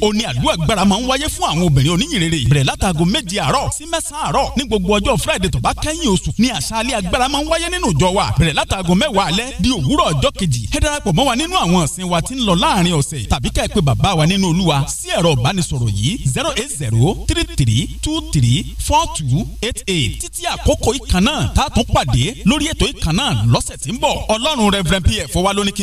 ó ní àdúrà gbára máa ń wáyé fún àwọn obìnrin oníyìnrere bẹ̀rẹ̀ látago méje àárọ̀ sí mẹ́sàn-án àárọ̀ ní gbogbo ọjọ́ friday tó bá kẹ́yìn oṣù ní àṣálẹ́ agbára máa ń wáyé nínú ìjọ wa bẹ̀rẹ̀ látago mẹ́wàá alẹ́ di òwúrọ̀ ọjọ́ kejì ẹ darapọ̀ mọ́ wa nínú àwọn ọ̀sìn wa tí ń lọ láàrin ọ̀sẹ̀ tàbí ká ẹ pè bàbá wa nínú olúwa sí ẹ̀rọ ìbánisọ̀rọ̀ yìí zero eight zero three three two three four two eight eight títí àkókò ìkan náà tá a tún pàdé lórí ètò ìkan náà lọ́sẹ̀ tí ń bọ̀ ọlọ́run reverend pf wa ló ní kí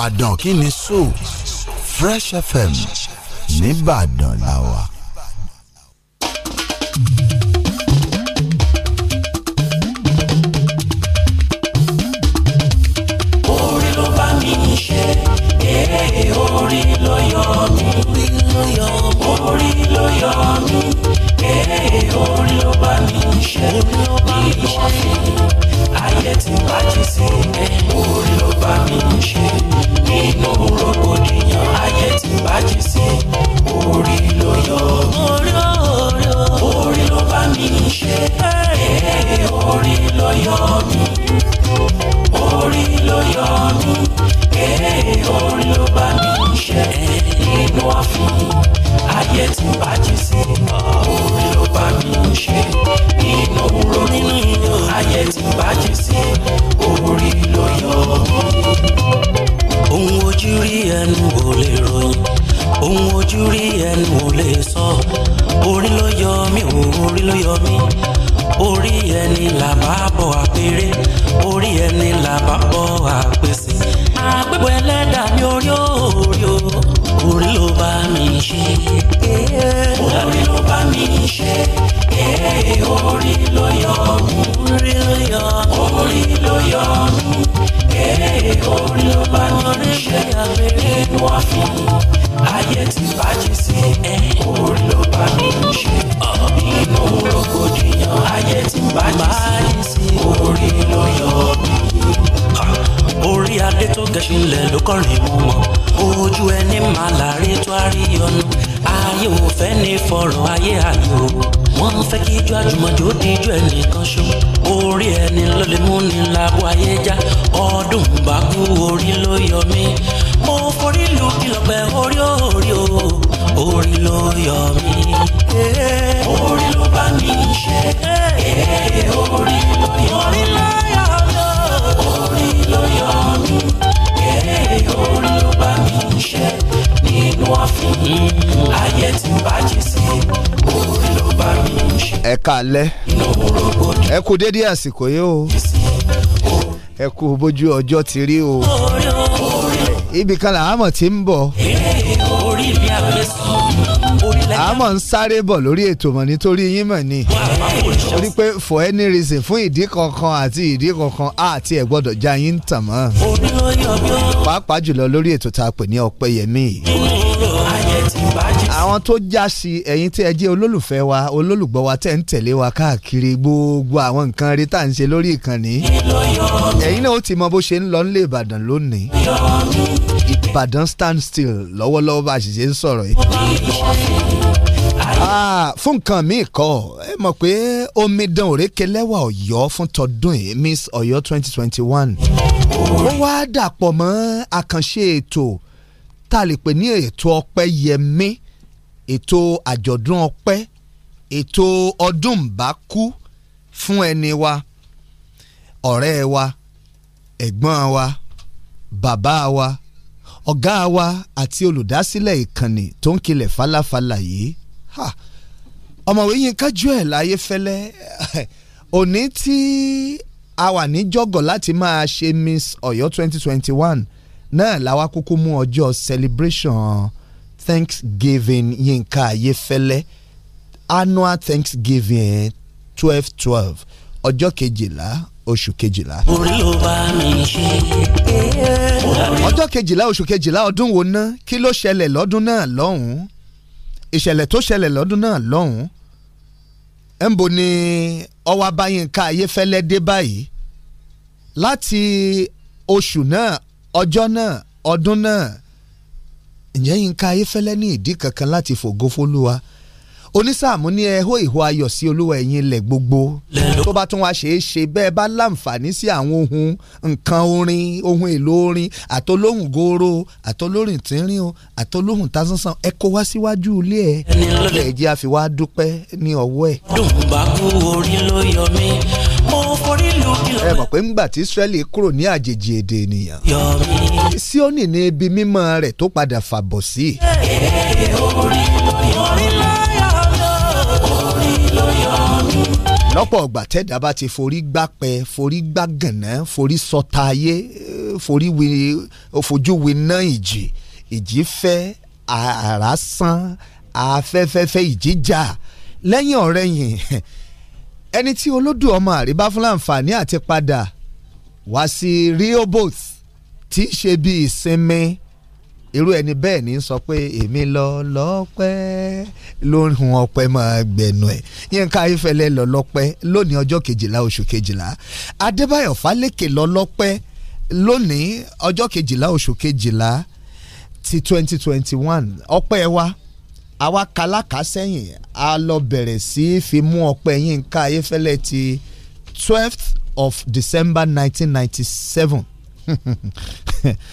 Ìbàdàn kí ni so Fresh FM nìbàdàn la wà. orí ló bá mi ń ṣe eré orí ló yọ mí orí ló yọ mí orí ló bá mi ṣe nínú ọ̀fìn ayé tí bàjẹ́ sí orí ló bá mi ṣe nínú rògbòdìyàn ayé tí bàjẹ́ sí orí ló alẹ́ ẹ kú dédé àsìkò yìí o ẹ kú bójú ọjọ́ ti rí o ibì kan làámọ̀ ti ń bọ̀ àmọ́ ń sáré bọ̀ lórí ètò mọ̀ nítorí yín mọ̀ ni torí pé for any reason fún ìdí kankan àti ìdí kankan àti ẹ̀ gbọ́dọ̀ já yín tàn mọ́ pàápàá jùlọ lórí ètò tá a pè ní ọpẹ́yẹmí yìí àwọn tó já sí ẹ̀yin tí ẹ jẹ́ olólùfẹ́ wa olólùgbọ́ wa tẹ̀ ń tẹ̀lé wa káàkiri gbogbo àwọn nǹkan rí tá à ń ṣe lórí ìkànnì ẹ̀yin náà ó ti mọ bó ṣe ń lọ nílé Ìbàdàn lónìí Ìbàdàn stand still lọ́wọ́lọ́wọ́ bá a ṣì ṣe ń sọ̀rọ̀ yìí. Ah, fún nǹkan míì kọ́ ẹ mọ̀ pé omidan òrékè lẹ́wà Ọ̀yọ́ fún tọdún yìí Miss Ọ̀yọ́ 2021 ó wá dàpọ̀ mọ́ àkànṣe ètò tá a lè pè ní ètò ọpẹ́ yẹmí ètò àjọ̀dún ọpẹ́ ètò ọdún mbàkú fún ẹni wa ọ̀rẹ́ wa ẹ̀gbọ́n wa bàbá wa ọ̀gá wa àti olùdásílẹ̀ ìkànnì tó ń kilẹ̀ falafala yìí ọ̀mọ̀wé Yínká Joel Ayéfẹ́lẹ́ òní tí a wà ní láti máa ṣe Miss Ọ̀yọ́ 2021 náà làwa kúkú mú ọjọ́ celebration thanksgiving yínká ayéfẹ́lẹ́ annual thanksgiving twelve twelve ọjọ́ kejìlá oṣù kejìlá. orí ò bá mi ṣe. ọjọ́ kejìlá oṣù kejìlá ọdún wo ná kí ló ṣẹlẹ̀ lọ́dún náà lọ́hùn-ún ìṣẹ̀lẹ̀ tó ṣẹlẹ̀ lọ́dún náà lọ́hùn-ún ń ni ọwọ́ abáyínká ayéfẹ́lẹ́ dé báyìí láti oṣù náà ọjọ́ náà ọdún náà ǹjẹ́ Yínká Ayéfẹ́lẹ́ ní ìdí kankan láti fògo fólúwa onísáàmù ní ẹ̀hó ìhó ayọ̀ sí olúwa ẹ̀yin ilẹ̀ gbogbo tó bá tún wá ṣeé ṣe bẹ́ẹ̀ bá láǹfààní sí àwọn ohun nǹkan orin ohun èlò orin àtolóhùn gooro àtolóhùn tínrín o àtolóhùn tásánsan ẹ kó wá síwájú ilé ẹ ẹ jẹ́ àfi wá dúpẹ́ ní ọwọ́ ẹ̀. ẹ mọ̀ pé ńgbà tí Israẹli kúrò ní àjèjì èdè ènìyàn Síónì ní ibi mímọ́ rẹ̀ tó padà fàbọ̀ sí. orí lọ́pọ̀ ọgbà tẹ́dá bá ti forí gbápẹ́ forí gbàgànná forí sọta ayé forí fojú wi ná ìjì ìjì fẹ́ àrá san afẹ́fẹ́fẹ́ ìjì jà lẹ́yìn ọ̀rẹ́yìn ẹni tí olódù ọmọ àríbá fún láǹfààní àti padà wá sí Rehoboth tí í ṣe bí ìsinmi irú ẹni bẹ́ẹ̀ ní sọ pé èmi lọ lọ́pẹ́ lóhun ọpẹ́ máa gbẹ̀nu ẹ̀ yínká ifẹ̀lẹ́ lọ lọ́pẹ́ lónìí ọjọ́ kejìlá oṣù kejìlá adébáyọ̀ fálékè lọ lọ́pẹ́ lónìí ọjọ́ kejìlá oṣù kejìlá ti twenty twenty one ọpẹ́ wa àwa kàlákà sẹ́yìn a lọ bẹ̀rẹ̀ sí í fi mú ọpẹ́ yínká ifẹ̀lẹ́ ti twelfth of December nineteen ninety seven.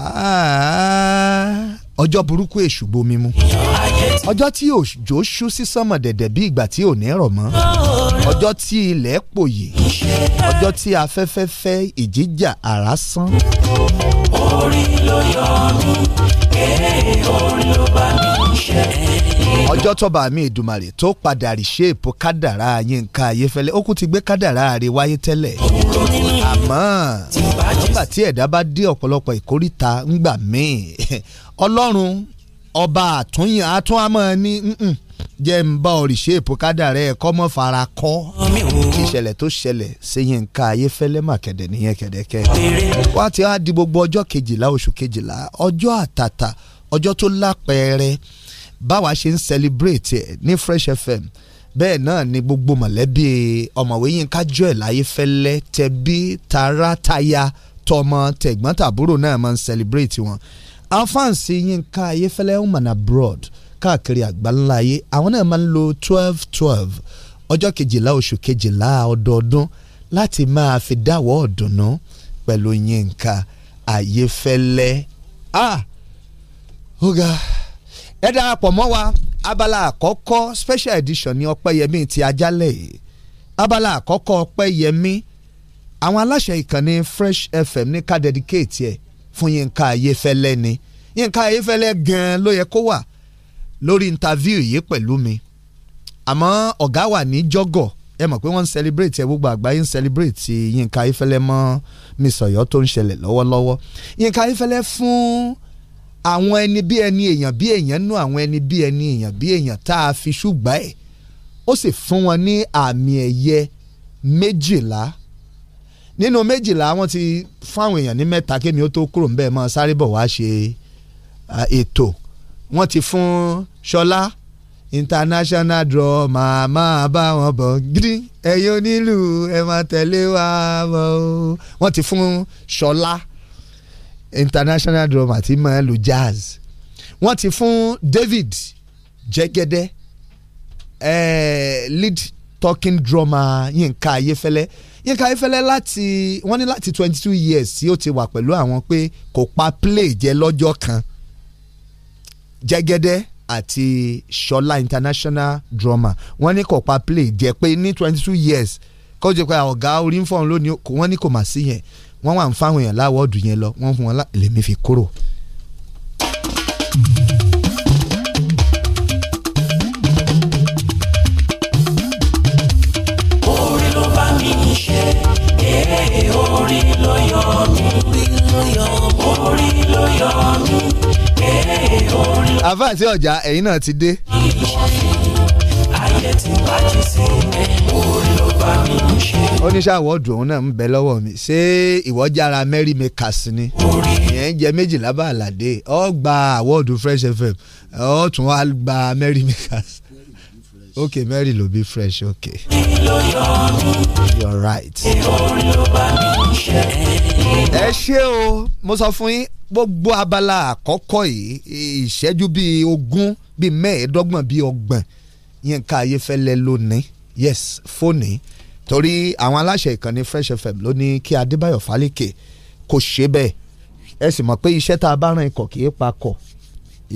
Ah, ọjọ́ burúkú èṣù gbomi mu ọjọ́ tí òjò ṣú sí sánmọ̀ dẹ̀dẹ̀ bí ìgbà tí ò ní rọ̀ mọ́ ọjọ́ tí ilẹ̀ pòyè ọjọ́ tí afẹ́fẹ́ fẹ́ ìjíjà àrá sán. orí ló yọ mí kéè orí ló bá mi ṣe. ọjọ́ tọ́ba mi Èdùmàrè tó padà rìṣẹ́ èpò kádàrá Yínká Ayéfẹ́lẹ́ ó kú ti gbé kádàrá rẹ̀ wáyé tẹ́lẹ̀ àmọ́ nígbà tí ẹ̀dá bá dé ọ̀pọ̀lọpọ̀ ìkóríta ńgbà míì ọlọ́run ọba àtúnyàn àtún àmọ́ ní jẹ́ ń bá òrìṣẹ́ ìpòkádà rẹ̀ kọ́ mọ́ fara kọ́ ìṣẹ̀lẹ̀ tó ṣẹlẹ̀ sẹ́yìn nǹka ayéfẹ́lẹ́ màkẹ́dẹ̀ nìyẹn kẹ̀dẹ̀kẹ́ wá ti á di gbogbo ọjọ́ kejìlá oṣù kejìlá ọjọ́ àtàtà ọjọ́ tó lápẹẹrẹ báwa ṣe ń celebrate ẹ̀ ní Fresh FM bẹ́ẹ̀ náà ni gbogbo mọ̀lẹ́bí ọ̀mọ̀wé Yínká Joel Ayéfẹ́lẹ́ tẹbí tará taya tọmọ tẹ̀gbọ́n tàbúrò náà máa ń celebrate wọn afáǹsì Yínká Ayéfẹ́lẹ́ woman abroad káàkiri àgbáńlá ayé àwọn náà máa ń lo twelve twelve ọjọ́ kejìlá oṣù kejìlá ọdọọdún láti máa fi dáwọ́ ọ̀dùnnú pẹ̀lú Yínká Ayéfẹ́lẹ́ ah ó ga ẹ darapọ̀ mọ́ wa abala àkọ́kọ́ special edition ní ọpẹ́yẹmí ti ajálẹ̀ yìí abala àkọ́kọ́ ọpẹ́yẹmí àwọn aláṣẹ ìkànnì fresh fm ní ká dedicate ẹ̀ fún yínká ayéfẹ́lẹ́ ni yínká ayéfẹ́lẹ́ gan-an ló yẹ kó wà lórí interview yìí pẹ̀lú mi àmọ́ ọ̀gá wà ní jọ́gọ̀ ẹ mọ̀ pé wọ́n ń celebrate ẹ gbogbo àgbáyé ń celebrate yínká ayéfẹ́lẹ́ mọ́ mísọ̀yọ́ tó ń ṣẹlẹ̀ lọ́wọ́lọ́wọ́ yínká ayéfẹ́lẹ́ fún àwọn ẹni bí ẹni èèyàn bí èèyàn nú àwọn ẹni bí ẹni èèyàn bí èèyàn tá a fi ṣùgbà ẹ̀ ó sì fún wọn ní àmì ẹ̀yẹ méjìlá nínú méjìlá wọn ti fáwọn èèyàn ní mẹ́ta kémi ó tó kúrò ńbẹ́ mọ́ sáré bọ̀ wá ṣe ètò wọ́n ti fún ṣọlá international draw máa máa bá wọn bọ̀ gidi ẹ̀yin onílù ẹ̀ máa tẹ̀lé wa bọ̀ wọ́n ti fún ṣọlá international drummer tí máa lo jazz wọ́n ti fún David Jẹ́gẹ́dẹ́ eh, lead talking drummer Yínká Ayéfẹ́lẹ́ Yínká Ayéfẹ́lẹ́ láti wọ́n ní láti twenty two years tí ó ti wà pẹ̀lú àwọn pé kò pa play jẹ lọ́jọ́ kan Jẹ́gẹ́dẹ́ àti Ṣọlá international drummer wọ́n ní kò pa play jẹ pé ní twenty two years kó jẹ́ pé ọ̀gá orí ń fọ̀n lónìí wọ́n ní kò mà sí yẹn wọ́n wà ń fáwọn èèyàn láwọ́ọ̀dù yẹn lọ wọ́n fún wọn lèmi fi kúrò. orí ló bá mi ní ṣe èé eh, orí ló yọ mí orí ló yọ mí èé eh, orí. àfáàsì ọjà ẹ̀yin náà ti dé ayé ti bájú sí orí náà ń bẹ lọ́wọ́ mi ṣé ìwọ́jára merry makers ni ìyẹn ń jẹ méjìlá bá àlàdé ọ gba àwọ̀dù fresh fm ọ tún wá gba merry makers ok merry ló bí fresh ok. you're right. ẹ ṣé o mo sọ fún yín gbogbo abala àkọ́kọ́ yìí ìṣẹ́jú bíi ogún bíi mẹ́ẹ̀ẹ́dọ́gbọ̀n bíi ọgbọ̀n Yínká Ayéfẹ́lẹ́ lónìí yes fóònì torí àwọn aláṣẹ ìkànnì Fresh FM ló ní kí Adébáyọ̀ Fálékè kò ṣe bẹ́ẹ̀ ẹ sì mọ̀ pé iṣẹ́ tá a bá ran ikọ̀ kì í pa kọ̀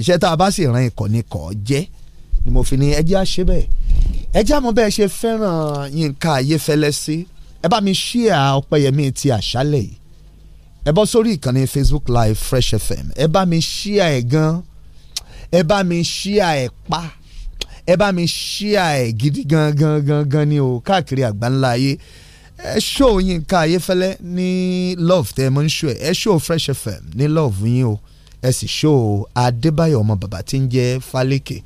iṣẹ́ tá a bá sì ran ikọ̀ ni kọ̀ jẹ́ ni mo fi ní ẹjẹ́ á ṣe bẹ́ẹ̀ ẹjẹ́ àmọ́ bẹ́ẹ̀ ṣe fẹ́ràn Yínká Ayéfẹ́lẹ́ sí ẹ bá mi ṣíà Ọpẹ́yẹmí ti àṣálẹ̀ yìí ẹ bọ́ sórí ìkànnì Facebook Live Fresh FM ẹ bá mi ṣíà ẹ̀ gan ẹ bá mi ṣíà ẹ̀ pa ẹ bá mi ṣíà ẹ̀ gidi gan gan gan gan ni o káàkiri àgbáńlá ayé ẹ ṣó Yínká Ayéfẹ́lẹ́ ní love tẹ́ ẹ mọ́ ń ṣó ẹ ẹ ṣó Fresh FM ní love yín o ẹ sì ṣó Adébáyọ̀ ọmọ bàbá tí ń jẹ́ Fálékè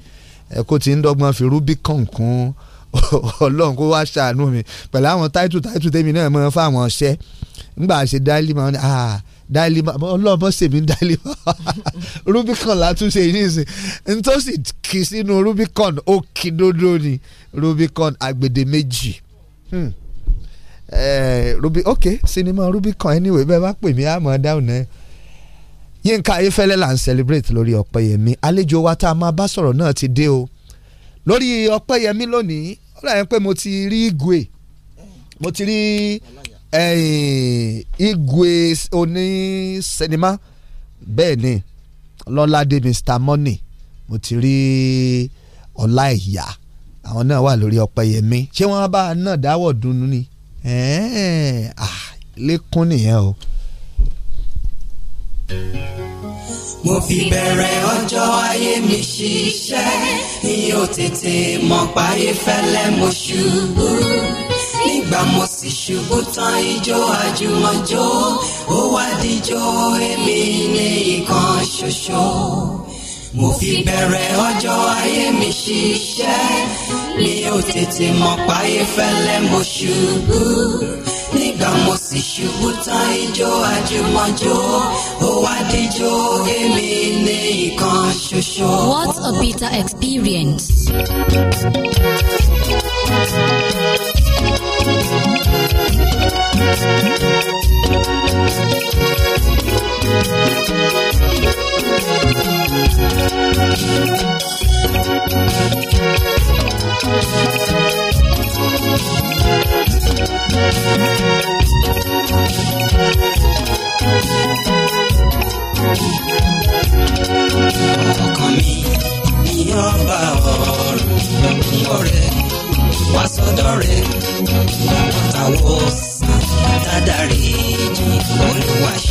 ẹ kó ti ń dọ́gbọ́n fi Rubicon kún Ọlọ́run kó wá ṣàánú mi pẹ̀lú àwọn táìtù táìtù tèmi náà mọ́ fáwọn ọṣẹ́ ńgbà ṣe dálí máa ń ní dáìlímà ọlọ́run mọ̀ sèmi dáìlímà rubicon látúnṣe yìí nìsín ntọ́sí kì sínú rubicon ó kì dódó ni rubicon agbèdè méjì hmm. eh, rubi ok sinimá rubicon anyway bẹ́ẹ̀ bá pè mí àmọ́ dáhùn náà yínká ayéfẹ́lẹ́ là ń celebrate lórí ọ̀pẹ́yẹmí àlejò wa tá a máa bá sọ̀rọ̀ náà ti dé o lórí ọ̀pẹ́yẹmí lónìí ó rà yẹn pé mo ti rí igwe mo ti rí igwe oní sinimá bẹ́ẹ̀ ni lọ́ládé mr money mo ti rí ọlá ìyá àwọn náà wà lórí ọpẹ́yẹmí ṣé wọ́n bá náà dáwọ̀ dùnnú ni lẹ́kún nìyẹn o. mo fi bẹ̀rẹ̀ ọjọ́ ayé mi ṣiṣẹ́ iye ò tètè mọ̀ fẹ́lẹ́ mo ṣubú ìgbà mo sì ṣubú tán ijó àjùmọ̀jó ó wá díjó èmi ní ìkan ṣoṣo. mo fi bẹ̀rẹ̀ ọjọ́ ayé mi ṣiṣẹ́ mi ò mọ̀ páyé fẹ́lẹ́ mo ṣubú nígbà mo sì ṣubú tán ijó àjùmọ̀jó ó wá díjó èmi ní ìkan ṣoṣo. What a bitter experience. Wá sọ́dọ̀ rẹ̀, àtàwọn dáríjì olúwa ṣe.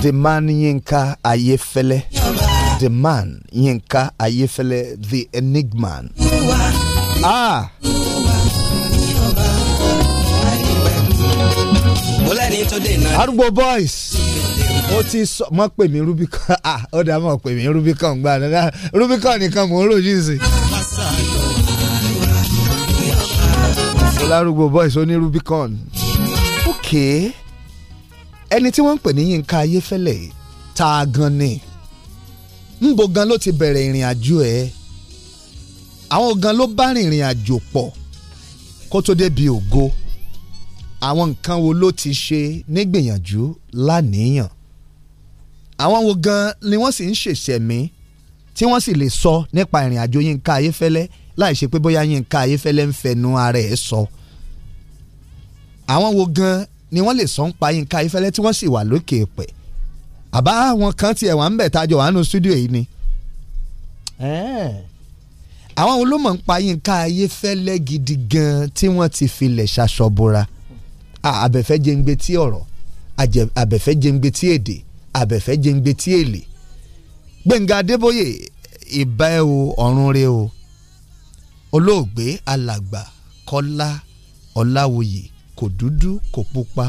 The man Yinka Ayefele. The man Yinka Ayefele, the enigma. Ah! arúgbó boys ó ti sọ mọ pè mí rubicon ah ó dá mọ pè mí rubicon gbà náà rubicon nìkan mò ń rojú sí. lárúgbó boys ó ní rubicon. okay ẹni tí wọ́n ń pè ní Yínká Ayéfẹ́lẹ́ ta gan ni ńbo gan ló ti bẹ̀rẹ̀ ìrìn àjò ẹ̀ àwọn gan ló bá rìnrìn àjò pọ̀ kó tó débi ògo àwọn nǹkan wo ló ti ṣe nígbìyànjú láníyàn àwọn wo gan ni wọ́n sì ń ṣèṣẹ̀mí tí wọ́n sì lè sọ nípa ìrìn àjò Yínká Ayéfẹ́lẹ́ láì ṣe pé bóyá Yínká Ayéfẹ́lẹ́ ń fẹnu ara ẹ̀ sọ àwọn wo gan ni wọ́n lè sọ ń pa Yínká Ayéfẹ́lẹ́ tí wọ́n sì wà lókè pẹ̀ àbá àwọn kan tiẹ̀ wà ń bẹ̀ tájọ wà nù stúdíò yìí ni. àwọn olómọ̀ ń pa Yínká Ayéfẹ́lẹ́ gidi gan tí wọ́n ti filẹ̀ ṣaṣọbora àbẹ̀fẹ́ jẹ́ǹgbẹ́ tí ọ̀rọ̀ àbẹ̀fẹ́ jẹ́ǹgbẹ́ tí èdè àbẹ̀fẹ́ jẹ́ǹgbẹ́ tí èlé Gbẹ̀ngà Adébóyè ìbá ẹ o ọ̀run re o olóògbé alàgbà Kọ́lá Ọláwuyì kò dúdú kò pupa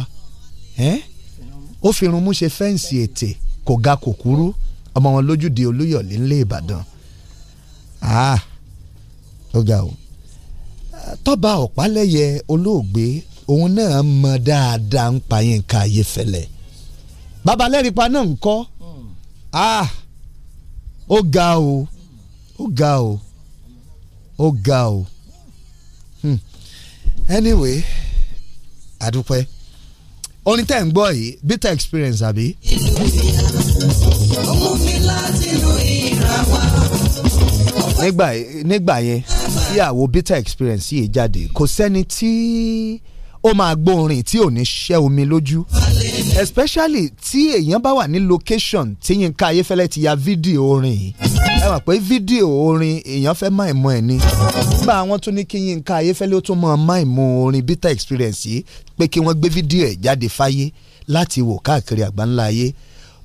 ó fi irun mú ṣe fẹ́ǹsì ètè kò ga kò kúrú ọmọ wọn lójúde olúyọ̀lé ńlẹ̀ ìbàdàn ah, ó ga o tọ́ba ọ̀pálẹ́yẹ olóògbé òun náà mọ dáadáa ń pa yín ká ayé fẹlẹ̀ babalẹ́rìpa náà ń kọ́ ah, ó ga o ó ga o ó ga o hmm. anyway àdúpẹ́ orin tẹ́ ń gbọ́ yìí bitter experience àbí. nígbà nígbà yẹn tí àwo bitter experience yìí jáde kò sẹ́ni tí ó máa gbóòórìn tí ò ní ṣẹ́ omi lójú especially tí èèyàn bá wà ní location tí Yínká Ayéfẹ́lẹ́ ti ya fídíò orin yìí ẹ mọ̀ pé fídíò orin èèyàn fẹ́ máa ìmọ̀ ẹ̀ ni bá àwọn tún ní kí Yínká Ayéfẹ́lẹ́ ó tún mọ̀ máa ìmọ̀ orin bitter experience yìí pé kí wọ́n gbé fídíò ẹ̀ jáde fáyé láti wò káàkiri àgbáńlá ayé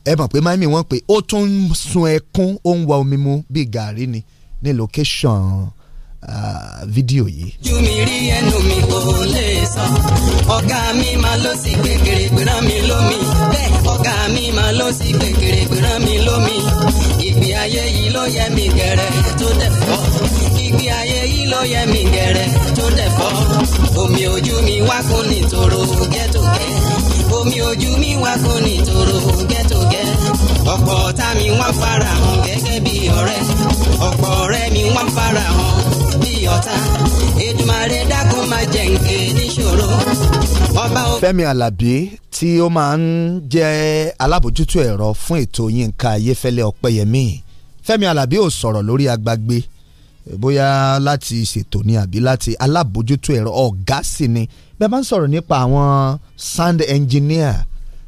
ẹ mọ̀ pé máìmì wọ́n pé ó tún sun ẹkún ó ń wa omi mu bíi gàrí ni ní location fídíò yìí. ojú mi rí ẹnu mi kò lè sọ ọ̀gá mi máa lọ sí gbẹ̀gẹ̀rẹ̀ gbẹ̀rán mi lómi bẹ́ẹ̀ ọ̀gá mi máa lọ sí gbẹ̀gẹ̀rẹ̀ gbẹ̀rán mi lómi ìgbé ayé yìí ló yẹ mi gẹ̀rẹ́ tó dẹ̀ fọ́ ìgbé ayé yìí ló yẹ mi gẹ̀rẹ́ tó dẹ̀ fọ́ omi ojú mi wá kún nítorò gẹ́tògẹ́ omi ojú mi wá kún nítorò gẹ́tògẹ́ ọ̀pọ̀ ọ̀tá mi wá farahàn gẹ́gẹ́ bí ọ̀rẹ́ ọ̀pọ̀ ọ̀rẹ́ mi wá farahàn ọ̀tá Èdùmàrè dákun máa jẹ nké níṣòro. Fẹ́mi Alábí tí ó máa ń jẹ́ alábòjútó ẹ̀rọ fún ètò Yínká Ayéfẹ́lẹ́ Ọpẹ́yẹmí Fẹ́mi Alábí ò sọ̀rọ̀ lórí agbágbé bóyá láti ṣètò ni àbí láti alábòjútó ẹ̀rọ ọ̀gá sì ni bẹ́ẹ̀ bá ń sọ̀rọ̀ nípa àwọn sound engineer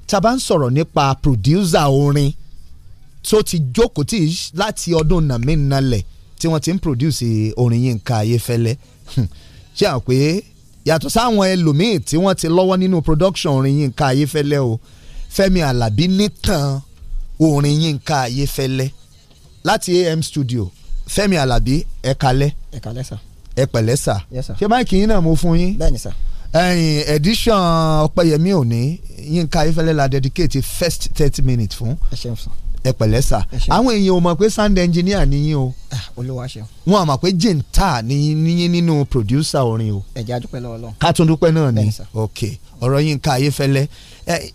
tá a bá ń sọ̀rọ̀ nípa producer orin tó ti jókòó tí láti ọdún nàmínàlẹ̀ tí wọ́n ti ń produce orin Yínká Ayéfẹ́lẹ́ hmm. ṣé àwọn pé yàtọ̀ sáwọn ẹlòmíì tí wọ́n ti lọ́wọ́ nínú production orin Yínká Ayéfẹ́lẹ́ o Fẹ́mi Àlàbí nìtàn orin Yínká Ayéfẹ́lẹ́ láti AM studio Fẹ́mi Àlàbí ẹ kalẹ́ ẹ kalẹ́ sà ẹ pẹ̀lẹ́ sà ṣé máìkì yín náà mo fún yín bẹ́ẹ̀ni sà ẹyin edition Ọpẹ́yẹmí òní Yínká Ayéfẹ́lẹ́ la dedicate first thirty minutes fún. ẹ ṣeun sàn ẹ pẹ̀lẹ́ sà àwọn èèyàn ò mọ̀ pé sound engineer nìyí o ah, wọn àmọ̀ pé jìntà nìyí nínú producer orin o ẹ̀jẹ̀ adúpẹ́ lọ́wọ́ lọ́wọ́ ká tún dúpẹ́ náà ni ok ọ̀rọ̀ Yínká Ayéfẹ́lẹ́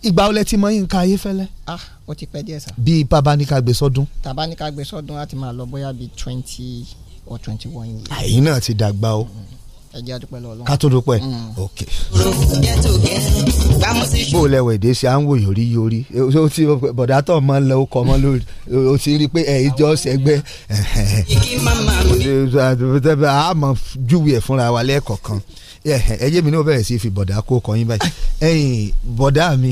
ìgbà olè ti mọ Yínká Ayéfẹ́lẹ́. ah ó ti pẹ́ díẹ̀ sà. bíi tabaníkà gbèsọ́dún. tabaníkà gbèsọ́dún láti máa lọ bóyá bíi twenty or twenty one years. àyìn náà ti dàgbà o. Mm -hmm ẹ jẹ́ àdúpẹ́ ká tó dúpẹ́ mm. ok. bó o lẹwọ èdè ṣe à ń wòyàn rí yorí o ti bọ̀dá tó máa ń lọ ó kọ́ lórí o ti rí i pé ẹ ìjọ ṣẹgbẹ́ a mọ̀ júwe ẹ̀ fúnra wa lẹ́ẹ̀kọ̀kan ẹ jẹ́ mi ní o bẹ̀rẹ̀ sí fi bọ̀dá kó kọyín báyìí bọ̀dá mi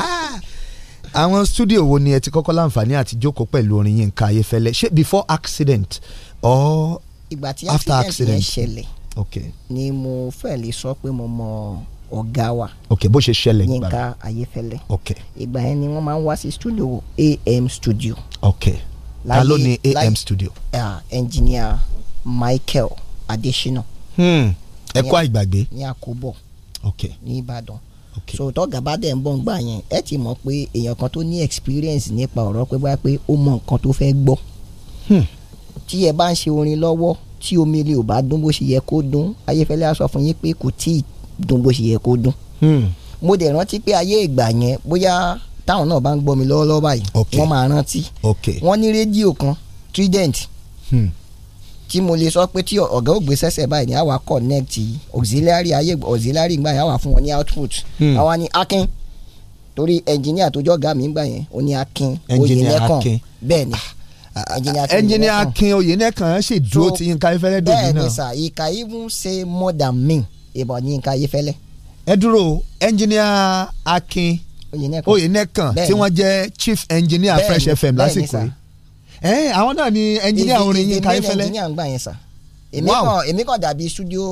àwọn studio wo ni ẹ ti kọ́kọ́ láǹfààní àti jókòó pẹ̀lú orin Yínká Ayéfẹ́lẹ́ ṣé before accident or ìgbà tí accident yẹn ṣẹlẹ̀ okay. ni mo fẹ́ lè sọ pé mo mọ ọ̀gá wa okay. bó ṣe ṣẹlẹ̀ gbà Yínká Ayéfẹ́lẹ́ ìgbà yẹn ni wọ́n máa ń wá sí studio AM studio ta ló ni AM studio. Uh, engineer Michael Adesina. Hmm. ẹ kọ́ àìgbàgbé. ní àkóbọ̀ ní Ìbàdàn okay. so tọ́gà bá dẹ̀ ń bọ̀ ń gbà yẹn ẹ ti mọ̀ pé èèyàn kan tó ní experience nípa ọ̀rọ̀ pé bá pé ó mọ nǹkan tó fẹ́ gbọ́ hmm. tí ẹ bá ń ṣe orin lọ́wọ́ tí omi ilé ò bá dún bó ṣe yẹ kó dún ayéfẹ́lẹ́ á fún yín pé kò tí ì dún bó ṣe yẹ kó dún. Hmm. mo dẹ̀ rántí pé ayé ìgbà yẹn bóyá táwọn náà bá ń gbọ́ mi lọ́wọ́lọ́wọ́ báyìí wọ́n máa rántí wọ́n ní rédíò kan Trident hmm. tí mo lè sọ pé tí ọ̀gá ògbé sẹ́sẹ̀ báyìí ni àwa connect auxiliary ayé auxiliary gbà yẹn àwa fún wọn ní output àwa hmm. ni akin torí ẹnjìníà tó jọ́ ọ̀gá gbà yẹn ó ní akin oyè bẹ́ẹ̀ ni. Ah ẹnjìnìà Akin Oyènẹkàn ṣèdúró ti Yínká Ayéfẹ́lẹ́ dòní náà. bẹ́ẹ̀ni sà he can even say more than me about Yínká Ayéfẹ́lẹ́. ẹ dúró ẹnjìnìà Akin Oyènẹkàn tí wọ́n jẹ́ chief engineer Fresh FM lásìkò yìí ẹ àwọn náà ni ẹnjìnìà orin Yínká Ayéfẹ́lẹ́. èmi ni ẹnjìnìà ń gbà yẹn sà èmi kàn èmi kàn dàbí studio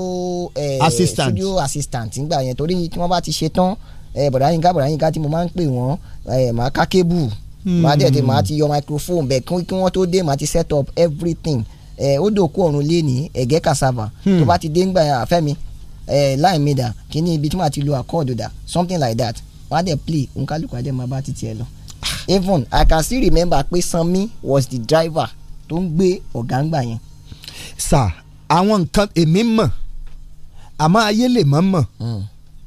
eh, assistant studio assistant ńgbà yẹn torí tí wọ́n bá ti ṣe tán eh, bọ̀dá Yínká bọ̀dá Yínká tí mo máa ń pè wọ́n eh, màá ká kébù Hmm. màá tètè màá ti yọ microphone bẹ̀ kí wọ́n tó dé màá ti set up everything eh, ó dòkú ọ̀run lé ní ẹ̀gẹ́ cassava hmm. tó bá ti dé ńgbà àfẹ́mi eh, láì mi dà kí ni ibi tí màá ti lo accord dà something like that wọ́n á play òǹkálùkù á dẹ̀ bá títí ẹ lọ. Ah. even I can still remember pé Sanmi was the driver tó ń gbé ọ̀gá ńgbà yẹn. sà àwọn nǹkan èmi mọ̀ àmọ́ ayé lè mọ̀ mọ̀ hmm.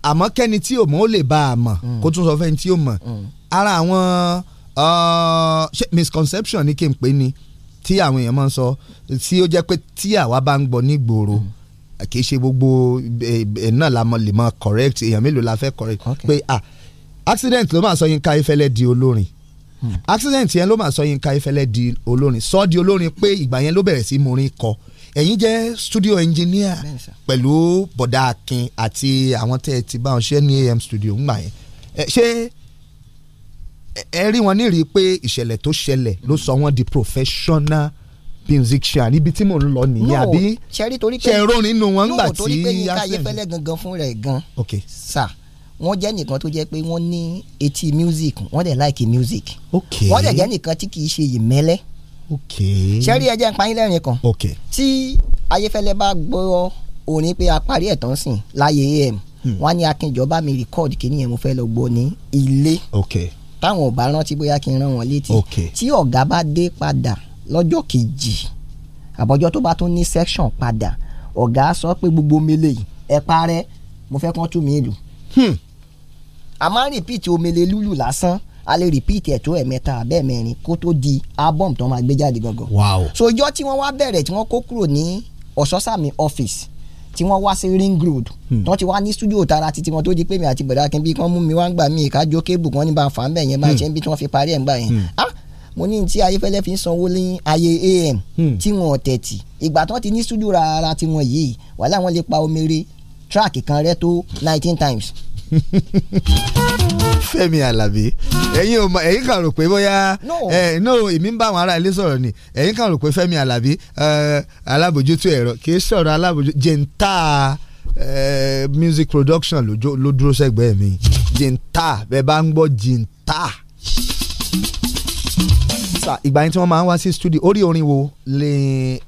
àmọ́ kẹ́ni tí ò mọ̀ ó lè bá a mọ̀ kó tún sọ fẹ́ni tí ò mọ̀ ara àwọn. Uh, ṣé misconception ni kí n pè ní tí àwọn èèyàn máa ń sọ tí ó jẹ́ pé tí àwa bá ń gbọ́ ní gbòòrò hmm. kì í ṣe gbogbo eh, ẹ̀ náà la mọ̀ lè mọ̀ correct èèyàn mélòó la fẹ́ correct pé ah accident ló máa sọ Yínká Ayéfẹ́lẹ́ di olórin hmm. accident yẹn ló máa sọ Yínká Ayéfẹ́lẹ́ di olórin sọ di olórin pé ìgbà yẹn ló bẹ̀rẹ̀ sí morin kọ ẹ̀yin jẹ́ studio engineer pẹ̀lú bọ̀dá akin àti àwọn tẹ́ ẹ ti bá wọn ṣe ní am studio ńgbà yẹn ṣé ẹ rí wọn nírìí pé ìṣẹ̀lẹ̀ tó ṣẹlẹ̀ ló sọ wọ́n di professional musician ibi tí mò ń lọ nìyẹn àbí ṣe rò nínú wọn gbà tí yáfẹ́ no torí pé yíká ayéfẹ́lẹ́ gangan fún rẹ̀ gan sa wọ́n jẹ́ nìkan tó jẹ́ pé wọ́n ní etí music wọ́n dẹ̀ like music wọ́n dẹ̀ jẹ́ nìkan tí kì í ṣe ìmẹ́lẹ́ ṣẹ́rí ẹ jẹ́ ń payín lẹ́rìn kan tí ayéfẹ́lẹ́ bá gbọ́ orin pé a parí ẹ̀ tán sìn láyé am hmm. wọ́n á ní akínjọba mi record kí ni mo fẹ́ lọ gbọ́ ní ilé. Okay. okay táwọn ò bá rántí bóyá kí n rán wọn létí tí ọ̀gá bá dé padà lọ́jọ́ kejì àbọ̀jọ́ tó bá tún ní section padà ọ̀gá sọ pé gbogbo mele yìí ẹ parẹ́ mo fẹ́ kán tú mi lù. Hmm. a máa ń rìpíìtì omele lúlù lásán a lè rìpíìtì ẹ̀ tó ẹ̀mẹ́ta abẹ́ mẹ́rin kó tó di album tó máa gbé jáde gangan. Wow. so ìjọ́ tí wọ́n wá bẹ̀rẹ̀ tí wọ́n kó kúrò ní ọ̀ṣọ́sàmì office tí wọ́n wá sí ring road wọ́n hmm. ti wá ní studio tara títí wọn tó di pé mi àti bọ̀dá kí n bí kán mú mi wá ń gbà mí ìkájọ kébù kan ní bá ń fà ń bẹ̀ yẹn bá ń hmm. ṣe ń bí tí wọ́n fi parí ẹ̀ ń gbà yẹn hmm. ah mo ní tí ayéfẹ́lẹ́ fi ń sanwó ní ayé am tí wọn ò tẹ̀tì ìgbà tó ti ní studio rárá tiwọn yìí wàhálà wọn lè pa omere track kan rẹ tó nineteen times Fẹ́mi Alabi. ẹ̀yin ò mọ ẹ̀yin kàn rò pé bóyá ẹ no èmi ń bá àwọn ará ilé sọ̀rọ̀ ni ẹ̀yin kàn rò pé Fẹ́mi Alábí alábòjútó ẹ̀rọ kì í sọ̀rọ̀ alábòjútó jẹǹtà music production ló dúró sẹ́gbẹ̀ẹ́ mi jẹǹtà bẹ́ẹ̀ bá ń gbọ́ jẹǹtà sà ìgbà yẹn tí wọ́n máa ń wá sí studio orí orin wo lè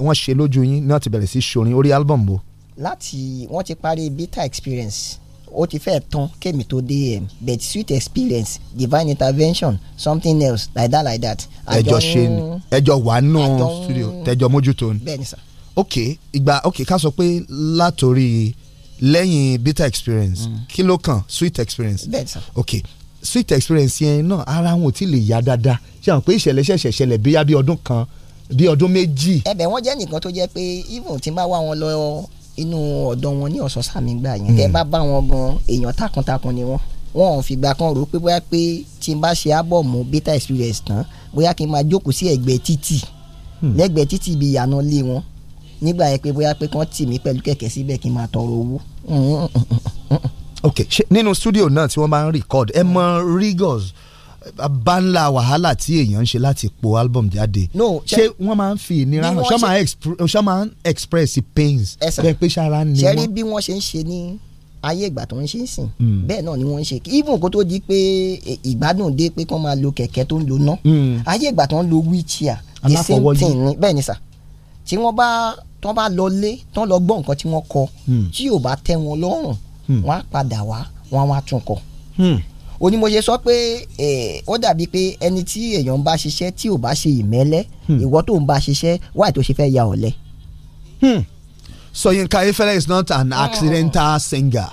wọ́n ṣe lójú yín ní wọ́n ti bẹ̀rẹ̀ sí ṣorin orí album wo. láti wọ́n ti parí bitter experience ó ti fẹ́ tán kémi tó dé um, but sweet experience divine intervention something else like that like that. ẹjọ ṣe ni ẹjọ wà nù studio tẹjọ mójútó ni. bẹ́ẹ̀ni sà. ok ìgbà ok ká sọ pé látòrí lẹ́yìn bitter experience mm. kí ló kàn sweet experience. bẹ́ẹ̀ni ok sweet experience yẹn náà ara wọn ò tí lè yá dáadáa ṣé àwọn pé ìṣẹ̀lẹ̀ ṣẹ̀ṣẹ̀ ṣẹlẹ̀ bíyá bí ọdún kan bí ọdún méjì. ẹ̀bẹ̀ wọn jẹ́ nìkan tó jẹ́ pé even tí n bá wá wọn lọ inú ọ̀dọ̀ wọn ní ọ̀sán-sàmì gbà yẹn hmm. tẹ́ bá bá wọn gan èèyàn takuntakun ni wọn wọn ò fìgbà kan rò pé bóyá pé tí n bá ṣe ábọ̀mù beta experience tán bóyá kí n máa jókòó sí ẹ̀gbẹ́ títì hmm. lẹ́gbẹ̀ẹ́ títì ibi ìyànà lé wọn nígbà yẹn pé bóyá pé kán tì mí pẹ̀lú kẹ̀kẹ́ síbẹ̀ kí n máa tọrọ owó. ok ṣe nínú studio náà tí wọ́n máa ń record ẹ mọ rigors bá ńlá wàhálà tí èèyàn ń ṣe láti po album jáde ṣé wọ́n máa ń fi ìnira hàn ṣọ́ máa ń express pains bẹ́ẹ̀ pé ṣara ni wọ́n. ṣẹ́rí bí wọ́n ṣe ń ṣe ní ayé ìgbà tó ń ṣe ń sìn hmm. bẹ́ẹ̀ náà ni wọ́n ń ṣe even kó tó di pé e, ìgbádùn dé pé kán máa lo kẹ̀kẹ́ tó ń lo ná hmm. ayé ìgbà tó ń lo wheelchair the same thing ni bẹ́ẹ̀ ni sà tí wọ́n bá tán bá lọ lé tán lọ gbọ́ nǹkan tí wọ́n kọ hmm. tí yóò bá tẹ́ wọn lọ́rùn wọ́n á padà wá wọ́n á wá tún kọ onímọ̀ṣe sọ pé ó dàbí pé ẹni tí èèyàn ń bá ṣiṣẹ́ tí ò bá ṣe ìmẹ́lẹ́ hmm. ìwọ tó ń bá ṣiṣẹ́ wáyé tó ṣe fẹ́ ya ọ̀lẹ. Hmm. so Yinka is not an accidental oh. singer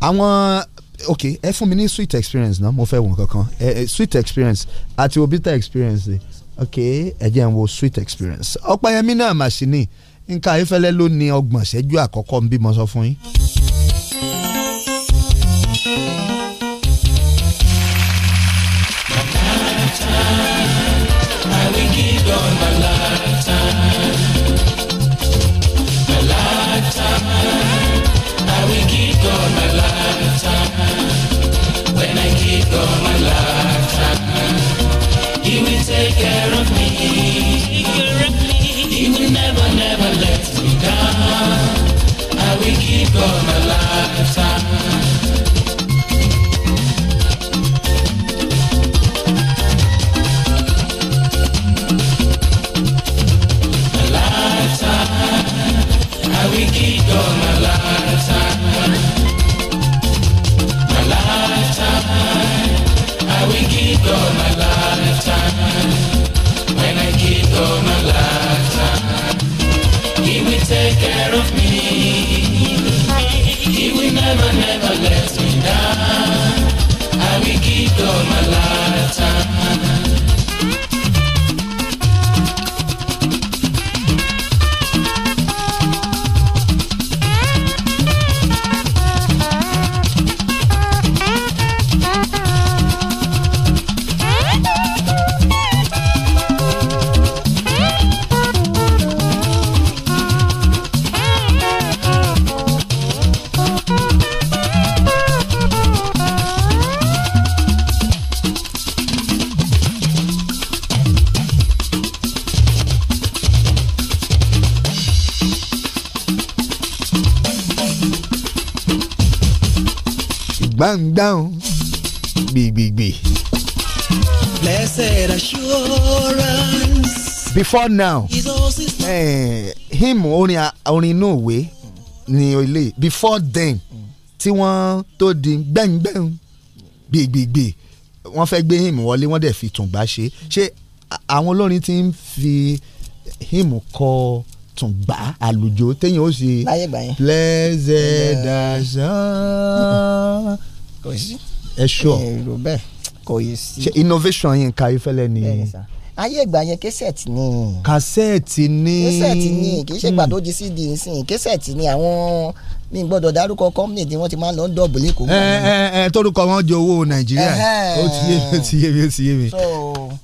àwọn ok ẹ fún mi ní sweet experience náà mo fẹ́ wọn kankan sweet experience àti obita experience ni ok ẹ jẹ́ n wo sweet experience ọ̀pẹ̀yẹmí náà mà sí ni Yinka Ayefele ló ní ọgbọ̀n ṣẹ́jú àkọ́kọ́ ń bímọ sọ fún yín. gonna love never, never. ń dáhùn gbìgbìgbì. blessed assurance. before now him eh, orin orin inú ìwé ni ilé before then tí wọ́n tó di gbẹ̀ngbẹ̀ng gbìgbìgbì wọ́n fẹ́ gbé him wọlé wọ́n dẹ̀ fi tùǹgbà ṣe ṣé àwọn olórin ti ń fi him kọ tùǹgbà àlùjọ téèyàn ó sì blessed assurance kò sí. ẹ ṣọ èrò kò yé sí. ṣe innovation yín ka ifẹ̀lẹ́ ni. bẹ́ẹ̀ sà ayé ìgbà yẹn kẹsẹ̀tì ni. kàsẹ́ẹ̀tì ni. kẹsẹ̀tì ni kì í ṣe ìgbà tó hmm. di cd nsìn kẹsẹ̀tì ni àwọn mi gbọ́dọ̀ dárúkọ kọ́mìnì tí wọ́n ti máa ń lọ ń dọ̀bù lẹ́kọ̀ọ́. ẹ ẹ ẹ tórúkọ wọn jẹ owó nàìjíríà ó ti yé mi ó ti yé mi ó ti yé mi.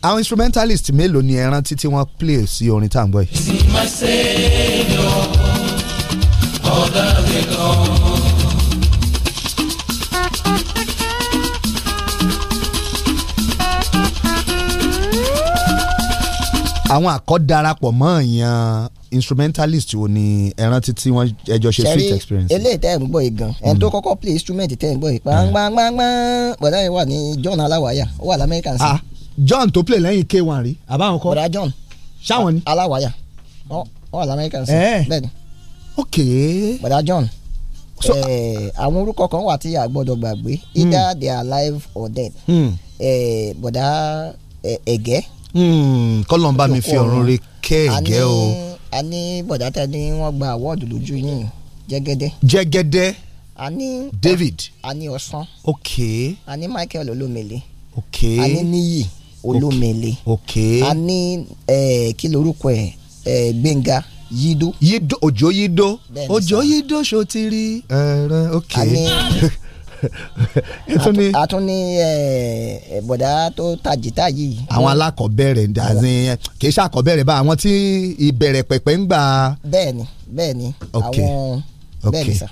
àwọn instrumentalist mélòó ni ẹ rántí tí wọ́n play sí orin tá yìí. ìsìn máa ṣe é yọ ọ̀dà rẹ̀ gan àwọn àkọ́darapọ̀ mọ́ ìyàn instrumentalist wo ni ẹran títí wọn ẹjọ ṣe sweet experience. ṣẹ́rí eléyìí tẹ́ ń gbọ́ yìí ẹni tó kọ́kọ́ play instrument tẹ́ ń gbọ́ yìí hmm. gbàngbàngbàngbà bọ̀dá yẹn wà ní John Aláwàyà ó wà lamẹ́ríkà sí. ah John tó play lẹ́yìn K1 rí àbáwọn kọ́ bọ̀dá John ṣáwọn ni Aláwàyà ó wà lamẹ́ríkà sí eh. bẹ́ẹ̀ ni. ok bọ̀dá John eh, àwọn orúkọ kan wà tí a gbọ́dọ̀ gbàgbé either hmm. they are alive or dead hmm. eh, bọ̀dá ẹ̀gẹ́ Hmm, kọ́lọ́n bá mi fi ọ̀run re kẹ́ẹ̀gẹ́ o. a ní bọ̀dátà ni wọ́n gba àwọ́ọ̀dù lójú yìí jẹ́gẹ́dẹ́. jẹ́gẹ́dẹ́. a ní David. a ní ọ̀sán. ok. a ní Michael olómele. ok. a ní níyì olómele. ok. a ní kí lorúkọ ẹ gbẹ̀ngà yídó. yídó òjò yídó òjò yídó sotiri. ẹ̀rẹ̀ ok. a ní. àtún ní bọ̀dá tó tàjítà yìí. àwọn alákọ̀ọ́bẹ̀rẹ̀ dazin kì í ṣàkọ́bẹ̀rẹ̀ bá àwọn tí ìbẹ̀rẹ̀ pẹ̀pẹ̀ ń gbà. bẹ́ẹ̀ni bẹ́ẹ̀ni àwọn bẹ́ẹ̀ni sà.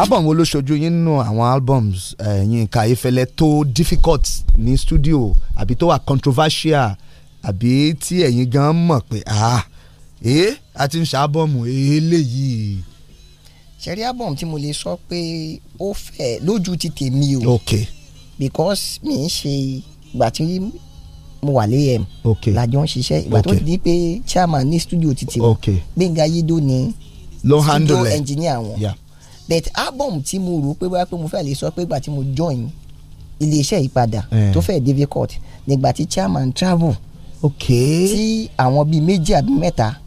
album wo yín nínú àwọn albums Yínká Ayéfẹ́lẹ́ tó difficult ní studio àbí tó wà controversial àbí tí ẹ̀yin gan mọ̀ pé ah ee àti ń ṣàbọ̀mù eléyìí. ṣẹ̀rí àbọ̀mù tí mo lè sọ pé ó fẹ̀ lójú ti tèmi o. ok. because mi ń ṣe ìgbà tí mo wà lé ẹm. ok làjọ ń ṣiṣẹ́ ìgbà tó di pé chairman ní studio titi wọn. ok Gbénga Yédó ni ló handle studio engineer wọn. Yeah. but album tí mo rò pé báyà pé mo fẹ́ lè sọ pé ìgbà tí mo join iléeṣẹ́ ìpadà eh. tó fẹ́ difficult nígbà tí chairman travel. ok tí àwọn bíi méjì àbí mẹ́ta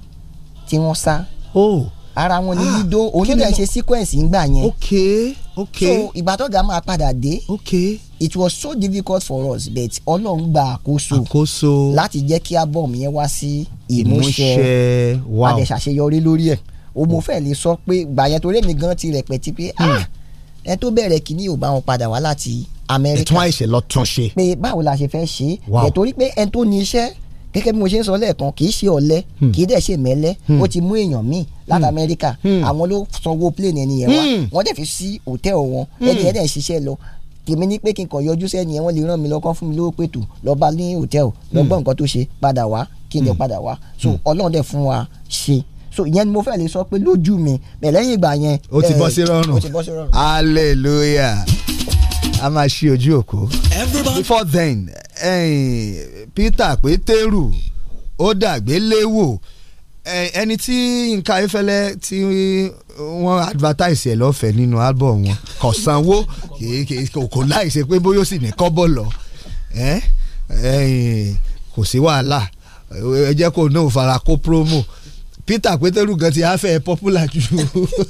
tí wọ́n sá. oh ara wọn ni ah, lido onídàá ṣe sequence ńgbà yẹn. so ìgbà máa padà dé. it was so difficult for us but ọlọ́run gba àkóso láti jẹ́ kí album yẹn wá sí ìmúṣẹ wow adẹ̀ṣàṣeyọrí lórí ẹ̀ o mo hmm. fẹ́ lè sọ pé gbàyẹn torí mi gan ti rẹpẹtí pé hmm. ah, ẹ tó bẹ̀rẹ̀ kí ò bá wọn padà wá láti Amẹ́ríkà ẹ̀ tún àìṣe lọ tún ṣe. pé báwo la ṣe fẹ́ ṣe é nítorí pé ẹ tó ní iṣẹ́ gẹ́gẹ́ bí mo ṣe ń sọ lẹ́ẹ̀kan kì í ṣe ọ̀lẹ hmm. kì í dẹ̀ ṣe mẹ́lẹ́ hmm. ó ti mú èèyàn míì láti hmm. amẹ́ríkà àwọn ló sanwó plane ẹni yẹn wá wọ́n dẹ̀ fi sí hòtẹ́ẹ̀lì wọn ẹni yẹn dẹ̀ ń ṣiṣẹ́ lọ tèmi ní pé kí n kàn yọjú sẹ́ni yẹn wọ́n lè ràn mí lọ́kàn fún mi lówó pètù lọ́ba ní hòtẹ́ẹ̀lì lọ́gbọ́n nǹkan tó ṣe padà wá kí n dẹ̀ padà wá so ọlọ́run dẹ̀ fún wa ṣe so ìyẹn ni mo fẹ́ lè sọ pé lójú mi bẹ̀lẹ́yìn ìgbà yẹn. Eh, ó ti bọ́ sí rọrùn hallelujah a máa ṣí ojú òkú before then eh, Peter Peteru ó dàgbé léwò ẹni tí nǹkan ayéfẹ́lẹ́ tí wọ́n advertise ẹ̀ lọ́fẹ̀ẹ́ nínú album wọn kò sanwó kò láìsí pé bóyá ó sì ní kọ́bọ̀ lọ kò sí wàhálà ẹ jẹ́ kó náà fara kó promo Peter Peteru gan ti á fẹ́ popular ju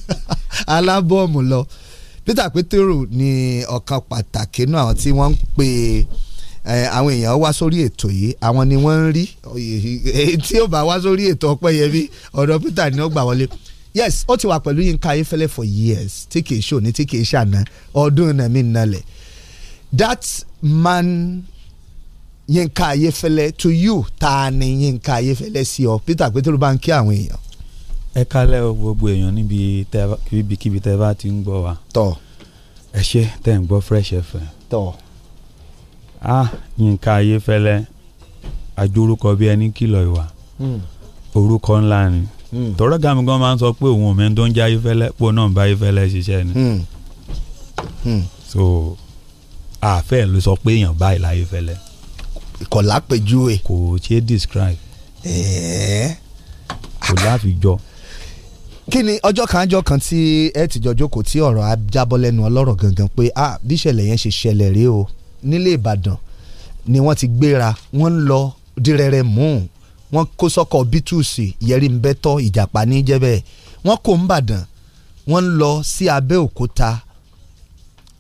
alábọ̀ọ̀mù lọ. Peter Petero ni ọ̀kan pàtàkì nínú àwọn tí wọ́n ń pè é àwọn èèyàn wá sórí ètò yìí àwọn ni wọ́n ń rí tí ó bá wá sórí ètò Ọpẹ́yẹmí ọ̀dọ̀ Peter ni ó gbà wọlé yes ó ti wà pẹ̀lú Yínká Ayéfẹ́lẹ́ for years tí kìí ṣe òní tí kìí ṣe àná ọdún nàmí nalẹ̀ that man Yínká Ayéfẹ́lẹ́ to you ta ni Yínká Ayéfẹ́lẹ́ sí ọ Peter Petero bá ń kí àwọn èèyàn ẹ kálẹ́ o gbogbo èèyàn níbi kíbi tẹ́ bá ti ń gbọ́ wa. tọ́ ẹ ṣe tẹ́ ń gbọ́ fresh fm. tọ́ a Yínká Ayéfẹ́lẹ́ àjórúkọ bí ẹni kìlọ̀ ìwà hmm. orúkọ ńlá ni hmm. tọ́rọ gàmí gan máa ń sọ pé òun òmìn tó ń jẹ́ Ayéfẹ́lẹ́ pò náà ń bá Ayéfẹ́lẹ́ ṣiṣẹ́ ni hmm. so àfẹ́ ló sọ pé èèyàn báyìí láyéfẹ́lẹ́. kò lápèjúwe. kò ṣe é describe. ẹ̀ẹ́. kò láfijọ́ kí ni ọjọ́ kan ọjọ́ kan tí ẹ ti jọ jókòó tí ọ̀rọ̀ ajábọ́ lẹ́nu ọlọ́rọ̀ gangan pé ah bí ìṣẹ̀lẹ̀ yẹn ṣe ṣẹlẹ̀ rèé o nílé Ìbàdàn ni wọ́n ti gbéra wọ́n ń lọ dírẹ̀rẹ̀ mú un wọ́n kó sọ́kọ̀ bítùsì yẹrí ń bẹ́ tọ́ ìjàpá ní jẹ́bẹ̀ wọ́n kò ń bàdàn wọ́n ń lọ sí Abẹ́òkúta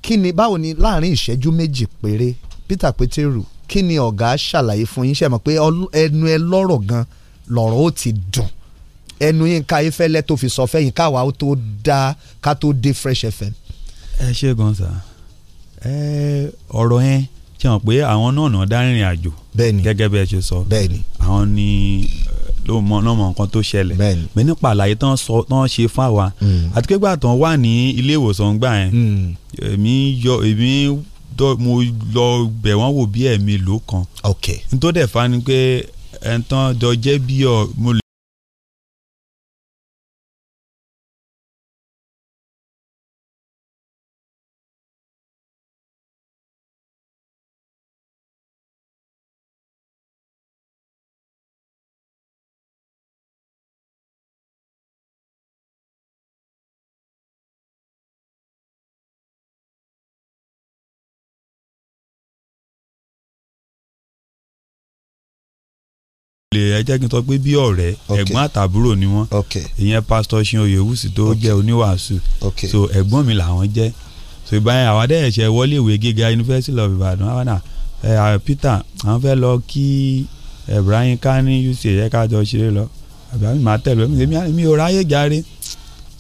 kí ni báwo ni láàrin ìṣẹ́jú méjì péré Peter Peteru kí ni ọ̀gá ṣàlàyé fún yín ṣe mọ̀ pé ẹnu ẹ lọ́rọ̀ gan lọ́rọ̀ ó ti dùn ẹnu Yínká Ayéfẹ́lẹ́ tó fi sọ fẹ́yìn káwa ó tó dá ká tó dé Fresh FM. ẹ ṣe gan sa ẹ ọ̀rọ̀ yẹn ṣe hàn pé àwọn náà náà dárìnrìn àjò gẹ́gẹ́ bí ẹ ṣe sọ àwọn ni ló mọ náà mọ nǹkan tó ṣẹlẹ̀ mẹ nípa àlàyé tán sọ tán ṣe fún àwa hmm. àti pé gbà tán wà ní ilé ìwòsàn gbà yẹn hmm. èmi yọ èmi mo lọ bẹ̀ wọ́n wò bí ẹ̀mí ló kan nítorí ẹ̀fà ni pé ẹ̀ tán jọ jẹ́ bí ọ mo lè. ìbéèrè ẹ jẹ́ kí n sọ pé bí ọ̀rẹ́ ẹ̀gbọ́n àtàbúrò ni wọ́n ìyẹn pásítọ̀ Ṣin Oyèwùsì tó jẹ́ oníwàásù so ẹ̀gbọ́n mi làwọn jẹ́ so ìbáyẹn àwọn adẹ́yẹsẹ̀ wọlé ìwé gíga University of Ibadan àwọn náà Peter àwọn fẹ́ lọ kí Ibrahim Kani UCA yẹ ká ṣeré lọ àbí àmì tẹ̀lé mi ò ráyè járe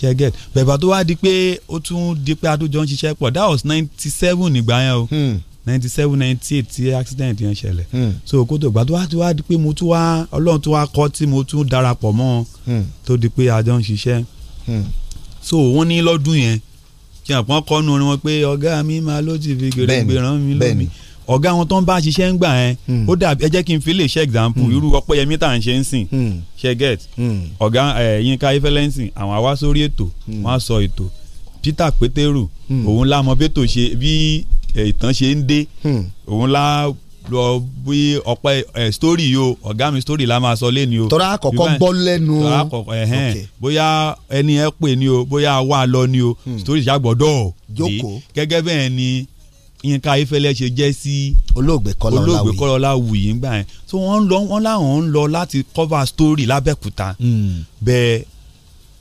jẹgẹ bẹ̀bà tó wá di pé ó tún di pé adójọ ń ṣiṣẹ́ pọ̀ that was ninety seven nígbà yẹn o. Hmm ninety seven ninety eight tí accident yẹn ṣẹlẹ̀ hmm. so kó tó gbà tó wá tó wá di pé mo tún wá ọlọ́run tó wá kọ́ tí mo tún darapọ̀ mọ́ hmm. tó di pé a jọ ń ṣiṣẹ́ hmm. so wọ́n ní lọ́dún yẹn kí àpọ́n kọ́nu orin wọn pé ọ̀gá mi máa ló ti fi gèrègbè ràn mí lómi ọ̀gá wọn tó ń bá ṣiṣẹ́ ń gbà yẹn ó dàbí ẹ kí n fi lè ṣe example irú ọpẹ́yẹmí tá à ń ṣe ń sìn ṣe get ọ̀gá yínká ifẹ̀lẹ́nsìn àwọn àwa sórí ètò wọn á sọ ètò peter pétérù òun lámọ bẹ́tò ṣe bí ìtàn ṣe ń dé hmm. òun la lọ bí ọpẹ ẹ story yìí o ọgá mi story la máa sọ lẹ́ni o. tọ́ra àkọ́kọ́ gbọ́ lẹ́nu. tọ́ra àkọ́kọ́ ẹ̀hẹ́n bóyá ẹni ẹ pè ní o bóyá wà lọ ní o hmm. story ṣàgbọ́dọ̀ jókòó gẹ́gẹ́ bẹ́ẹ̀ ni Yínká Ayéfẹ́lẹ́ ṣe jẹ́ sí olóògbé Kọ́lọ́lá Wuyì ńgbà yẹn so wọ́n lọ wọ́n láwọn ń lọ láti cover story lábẹ́kúta hmm. bẹ́ẹ̀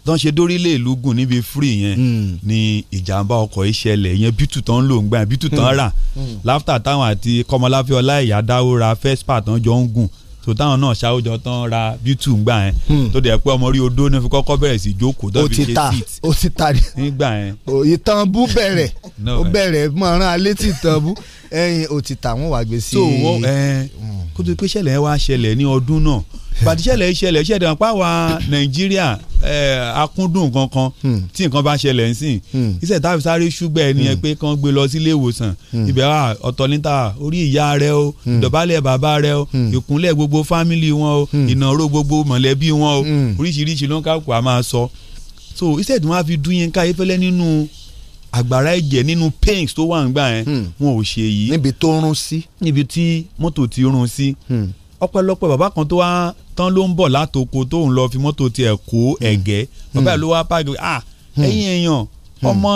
tó ń ṣe dórílẹ̀ ìlú gùn níbi free yẹn hmm. ni ìjàmbá ọkọ̀ ìṣẹ̀lẹ̀ yẹn bítù tán lò ń gbà yẹn bítù tán hmm. rà hmm. láftà táwọn àti kọmọláfẹ́ ọláìyá dáwó ra fẹ́spà tán jọ ń gùn tó táwọn náà ṣàwùjọ tán ra bítù ń gbà yẹn tó dẹ̀ pé ọmọ rí odó ní fi kọ́kọ́ bẹ̀rẹ̀ sí jókòó tó fi ṣe seat ó ti ta nígbà yẹn. ìtànbù bẹ̀rẹ̀ ó bẹ̀rẹ̀ mọ̀ rán alẹ́ tí ìtànbù ẹ̀yìn ó ti ta wọ́n wàá gbé kó tó pé ṣẹlẹ̀ wá ṣẹlẹ̀ ní ọdún náà pàtíṣẹ́lẹ̀ ṣẹlẹ̀ ṣẹ̀dá pàwọ́ nàìjíríà akúndùn kankan hmm. tí nǹkan bá ṣẹlẹ̀ ń sìn hmm. iṣẹ́ táfi sáré ṣúgbẹ́ ẹni ẹ hmm. pé kàn gbé lọ sílé ìwòsàn ibẹ̀ wà ọ̀tọ̀ níta orí ìyá rẹ o ìdọ̀bálẹ̀ bàbá rẹ o ìkúnlẹ̀ gbogbo fámìlì wọn o ìnáró gbogbo mọ̀lẹ́bí wọn o oríṣiríṣi ló ń kàkó a máa sọ so iṣẹ́ tí wọ́n á fi dún yín ká efẹ́lẹ́ nínú agbára ẹ̀jẹ̀ nínú pains tó wà ń gbà yẹn wọn ò ṣe yìí. níbi tó rún sí. níbi tí mọ́tò ti rún sí. ọpẹ́lọpẹ́ bàbá kan tó wá tán ló ń bọ̀ látoko tóun lọ fi mọ́tò tiẹ̀ kó hmm. ẹ̀gẹ́ bàbá hmm. ló wá pàgẹ́ ah ẹ̀yin èèyàn ọmọ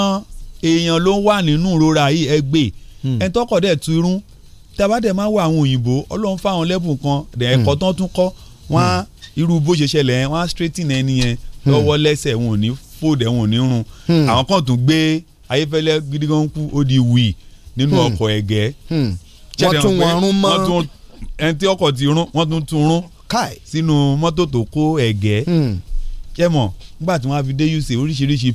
èèyàn ló ń wà nínú ìrora yìí ẹ gbé ẹ̀ tọkọ̀ dẹ̀ tu irun tabadẹ̀ máa wọ àwọn òyìnbó ọlọ́run fáwọn lẹ́bùn kan ẹ̀kọ́ tán tún kọ́ wọn irú bó ṣe ṣẹlẹ̀ yẹn wọn á straighten ẹni yẹn lọ́wọ́ lẹ́sẹ̀ wọn ò ní fòdẹ̀ wọn ò ní run àwọn kan tún gbé ayéfẹ́lẹ́ gidigan kú ó di wì nínú ọkọ̀ ẹ̀gẹ́ wọ́n tún wọn rún mọ́ ẹni tí ọkọ̀ ti rún wọ́n tún tún rún káì sínú mọ́tò tó kó ẹ̀gẹ́ hmm. ṣé mọ̀ nígbà tí wọ́n fi dé uc oríṣiríṣi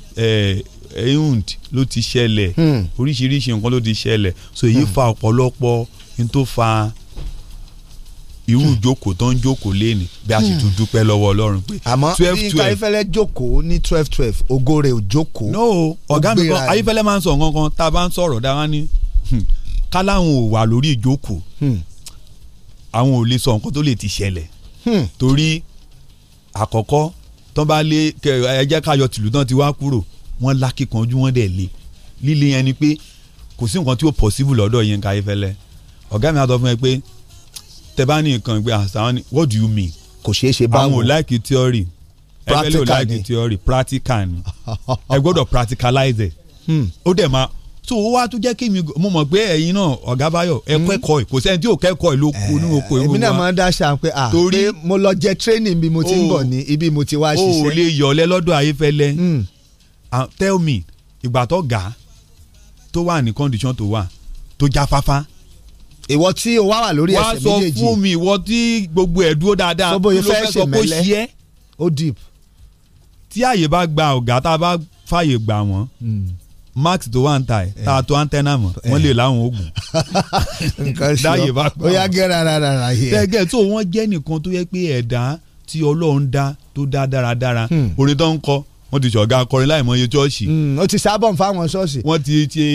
ehund ló ti ṣẹlẹ̀ hmm. oríṣiríṣi nǹkan ló ti ṣẹlẹ̀ so èyí hmm. fa ọ̀pọ̀lọpọ̀ ní tó fa irú ìjókòó tó ń jókòó léèní bí a sì tún dúpẹ́ lọ́wọ́ Ọlọ́run pé twelve twelve àmọ́ ayífẹ́lẹ́ jókòó ní twelve twelve ògo rẹ̀ ò jókòó. no ọ̀gá mi kan ayífẹ́lẹ́ máa ń sọ nǹkan kan tá a bá ń sọ̀rọ̀ dá wọn ní káláwọn ò wà lórí ìjókòó àwọn ò lè sọ nǹkan tó lè ti ṣẹlẹ̀ Hmm. torí àkọ́kọ́ tán bá lé ẹjẹ́ káyọ tìlú náà ti wá kúrò wọ́n lákìkanjú wọ́n dẹ̀ lé líle yẹn ni pé kò sí nǹkan tí ó possible lọ́dọ̀ Yínká Ayéfẹ́lẹ́ ọ̀gá mi á fún mi pé tẹ bá ní nǹkan pé àṣàwọn ah, ni what do you mean. kò ṣeé ṣe báwo àwọn ò láìkí theory ẹgbẹ́ lè láìkí theory practical ni ẹ gbọ́dọ̀ practicalize ẹ̀ hmm. ó dẹ̀ máa so ó wá tún jẹ́ kí mi mo mọ̀ pé ẹ̀yin náà ọ̀gá báyọ̀ ẹ hmm. kẹ́kọ̀ọ́ kò sẹ́ni tí ò kẹ́kọ̀ọ́ ló kó ní oko ìwé wa èmi náà máa ń dáṣà pé à pé mo lọ jẹ training bí mo ti ń bọ̀ ní oh. ibi mo ti wá ṣiṣẹ́. Oh, o ò lè yọ̀lẹ́ lọ́dọ̀ ayéfẹ́lẹ́ hmm. ah, tell me ìgbà tó ga tó wà ní condition tó wà tó jáfáfá ìwọ tí o wá wà lórí ẹsẹ̀ méjèèjì wá sọ fún mi ìwọ tí gbogbo ẹ dúró dáadáa tó ló fẹ́ sọ kó ṣí ẹ. ó deep. tí àyè bá gba ọ̀gá tá a bá fàyè gbà wọ́n hmm max tó wà ń ta ẹ̀ tá a tó antenna mọ̀ eh. wọ́n lè láwọn oògùn. nǹkan ṣe ọ bóyá gẹ́ra rárá rà yẹ. gẹ́gẹ́ tó wọ́n jẹ́ nìkan tó yẹ pé ẹ̀dá tí ọlọ́run dá tó dá dáradára hmm. orin tó ń kọ wọ́n ti ṣọ̀gá akọrin láì mọye ṣọ́ọ̀ṣì. Hmm, ó ti sábọ̀ fáwọn ṣọ́ọ̀ṣì. wọ́n ti ṣe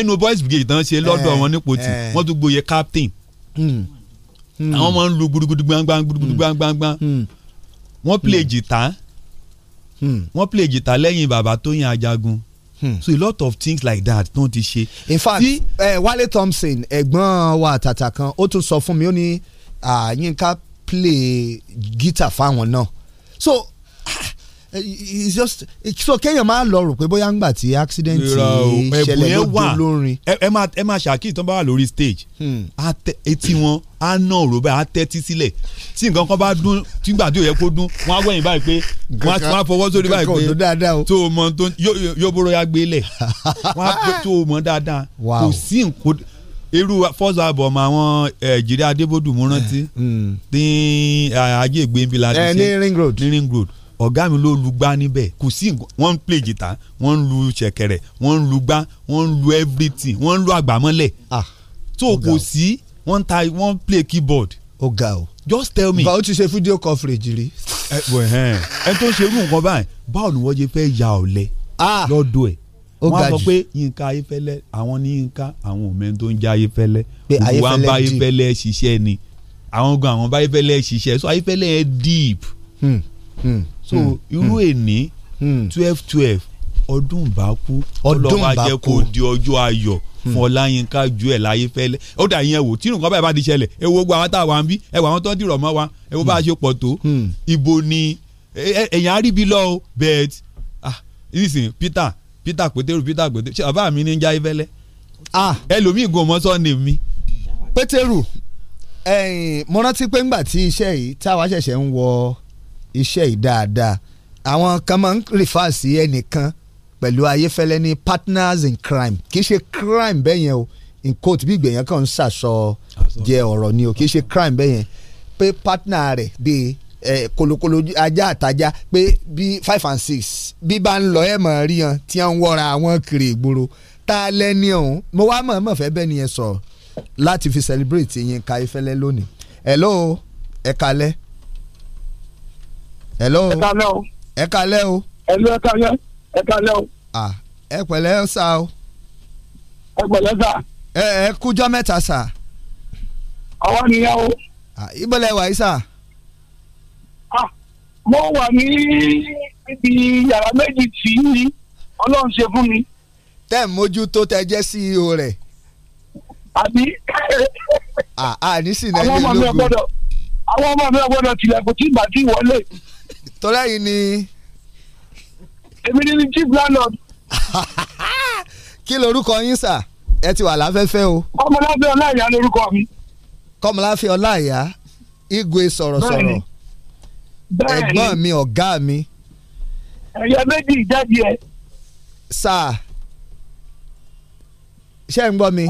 inú boys brigade tán ṣe lọ́dọ̀ eh, wọn nípò tí eh. wọ́n tún gboyè captain. Hmm. àwọn máa ń lu gudugudu gbangban gudugudu gbangban. wọ́n play jìtá wọ́n play jìtá lẹ́yìn bàbá Tóyìn Ajagun. Hmm. so a lot of things like that don ti ṣe. in fact See, uh, Wale Thompson ẹ̀gbọ́n wa àtàtà kan ó tún sọ fún mi ó ní ah, Yínká play guitar fáwọn náà so ah, it's just so kéèyàn máa lọ rò pé bóyá ń gbà tí accident ṣẹlẹ̀ ló dún lórin. ẹ máa ẹ máa ṣàkíyèsí tó ń bá wà lórí stage hmm. etí wọn á nà òrò báyìí á tẹ́tí sílẹ̀ tí nǹkan kan bá dún tí gbà tí ò yẹ kó dún wọn á gbẹ̀yìn báyìí pé wọn á fọwọ́ sórí báyìí pé tó o mọ tó yóò bóró ya gbélẹ̀ wọn á tó o mọ dáadáa kò sí nǹkan irú first album àwọn Jìrì Adébódùmú rántí hmm. ní ajé ìgbéǹbi la ti ṣe ní ring road ọ̀gá mi ló lu níbẹ̀ kò sí wọ́n ń play guitar wọ́n ń lu ṣẹ̀kẹ̀rẹ̀ wọ́n ń lu wọ́n ń lu everything wọ́n ń lu àgbàmọ́lẹ̀ tó ah, kò sí wọ́n ta wọ́n ń play keyboard. ó ga o just tell me. báwo ti ṣe fídíò coverage rí. ẹ tó ṣe irú nǹkan báyìí báwo ni wọ́n ṣe fẹ́ ya ọ̀lẹ ah, lọ́dọ̀ ẹ̀ wọ́n sọ pé yínká ayéfẹ́lẹ́ àwọn ní yínká àwọn òmẹ́ni tó ń jẹ́ ayéfẹ́lẹ́ òwò so hmm. irú èní hmm. hmm. twelve twelve ọdún bá kú ọdún bá kú ọlọ́wà jẹ́ kó di ọjọ́ ayọ̀ fún ọláyínká ju ẹ̀ láyé fẹ́lẹ́ ó dà yín ẹ wò tí nǹkan báyìí bá ti ṣẹlẹ̀ ẹ wo gbogbo àwọn tá a wà ń bí ẹ wò àwọn tó ń dìrọ̀ mọ́ wa ẹ wo bá a ṣe pọ̀ tó ibo ni ẹ̀yàn àríbi lọ o bẹ́ẹ̀t ah nísìnyí Peter Peter Pétérù Peter Pétérù ṣé bàbá mi ní jáì fẹ́lẹ́ ah ẹlòmíì gan ọmọ sọ́ọ̀nì mi. Pétérù mo rántí pé ńgbà tí iṣẹ́ yìí táwa ṣẹ̀ṣẹ̀ ń wọ iṣẹ́ yìí dáadáa àwọn kan máa ń rìfà sí ẹnìkan pẹ̀lú ayéfẹ́lẹ́ ní partners in crime kì í ṣe crime bẹ́ẹ̀ yẹn o in court bí ìgbẹ̀yẹn kan ń ṣàṣọ jẹ ọ̀rọ̀ ni o kì í ṣe crime bẹ́ẹ̀ yẹn pé partner rẹ̀ bíi kolokolo ajá àtajá pé bíi five and six bí bá ń lọ ẹ̀ mọ̀ rí yan tí wọ́n ń wọ́ra àwọn kiri ìgboro tá a lẹ́ni ọ̀hún mo wá mọ̀ mọ̀ fẹ́ bẹ́ẹ̀ ni yẹn sọ̀rọ̀ láti fi celebrate yín ka ayéfẹ́lẹ́ lónìí hello ẹ kalẹ́ hello. ẹ kalẹ́ o. ẹ kalẹ́ o. hello ẹ kalẹ́ ẹ kalẹ́ o. ah ẹ pẹ̀lẹ́ sà o. ẹ pẹ̀lẹ́ sà. ẹ ẹ kújọ́ mẹ́ta sà. ọwọ́ nìyẹn o. ibo lẹ wà yìí sà. ah mo wà ní ibi yàrá méjì tí ọlọ́run ṣe fún mi. tẹ́ ẹ̀ mójútó tẹ jẹ́ CEO rẹ̀. àbí. àní sì náà ní ológun. àwọn ọmọ mi ò gbọ́dọ̀ àwọn ọmọ mi ò gbọ́dọ̀ tilẹ̀kùn tí ìgbà tí wọlé tọ́lá yìí ni. èmi ni chief landlord. kí lorúkọ yín sà ẹ ti wà láfẹ́fẹ́ o. kọ́mọláfẹ́ ọláìyá lorúkọ mi. kọ́mọláfẹ́ ọláìyá igwe sọ̀rọ̀sọ̀rọ̀ ẹ̀gbọ́n mi ọ̀gá mi. ẹ̀yẹ méjì jáde ẹ̀. sà ṣé ń gbọ́ mi.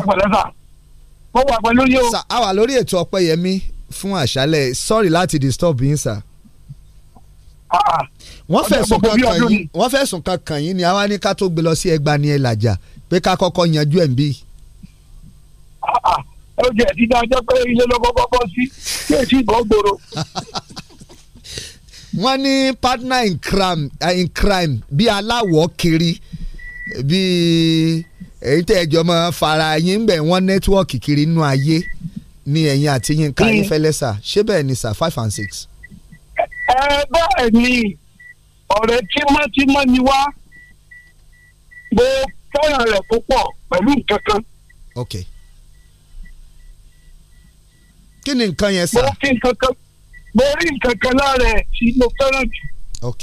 mo wà pẹ̀lú yín o. sà a wà lórí ètò ọpẹ́yẹmí fún àṣálẹ́ sorry láti disturb yín sà wọ́n fẹ̀sùn kan kàn yín wọ́n fẹ̀sùn kan kàn ni àwa ní ká tó gbé lọ sí ẹgbàá ni ẹ làjà pé ká kọ́kọ́ yanjú ẹ̀ ń bí. Ah, ah, ó jẹ́ ìdíjà ọjọ́ pé ilé ló kọ́kọ́ sí kí èsì ìbọn gbòòrò. wọ́n ní partner in crime eh, in crime bí aláwọ̀ kiri bí èyí tẹ́ ẹjọ́ mọ́ fara yín ń bẹ̀ wọ́n nẹ́tíwọ́ọ̀kì kiri nínú ayé ní ẹ̀yìn àti yín ká mm. ayé fẹ́lẹ́ sà ṣé bẹ́ẹ̀ ni sà five and six ẹ bẹ́ẹ̀ ni ọ̀rẹ́ tímọ́tímọ́ ni wá mo fẹ́ràn rẹ̀ púpọ̀ pẹ̀lú nǹkan kan. ok kí ni nǹkan yẹn sá. mo rí nǹkan kan mo rí nǹkan kan lára ẹ̀ tí mo fẹ́ràn jù. ok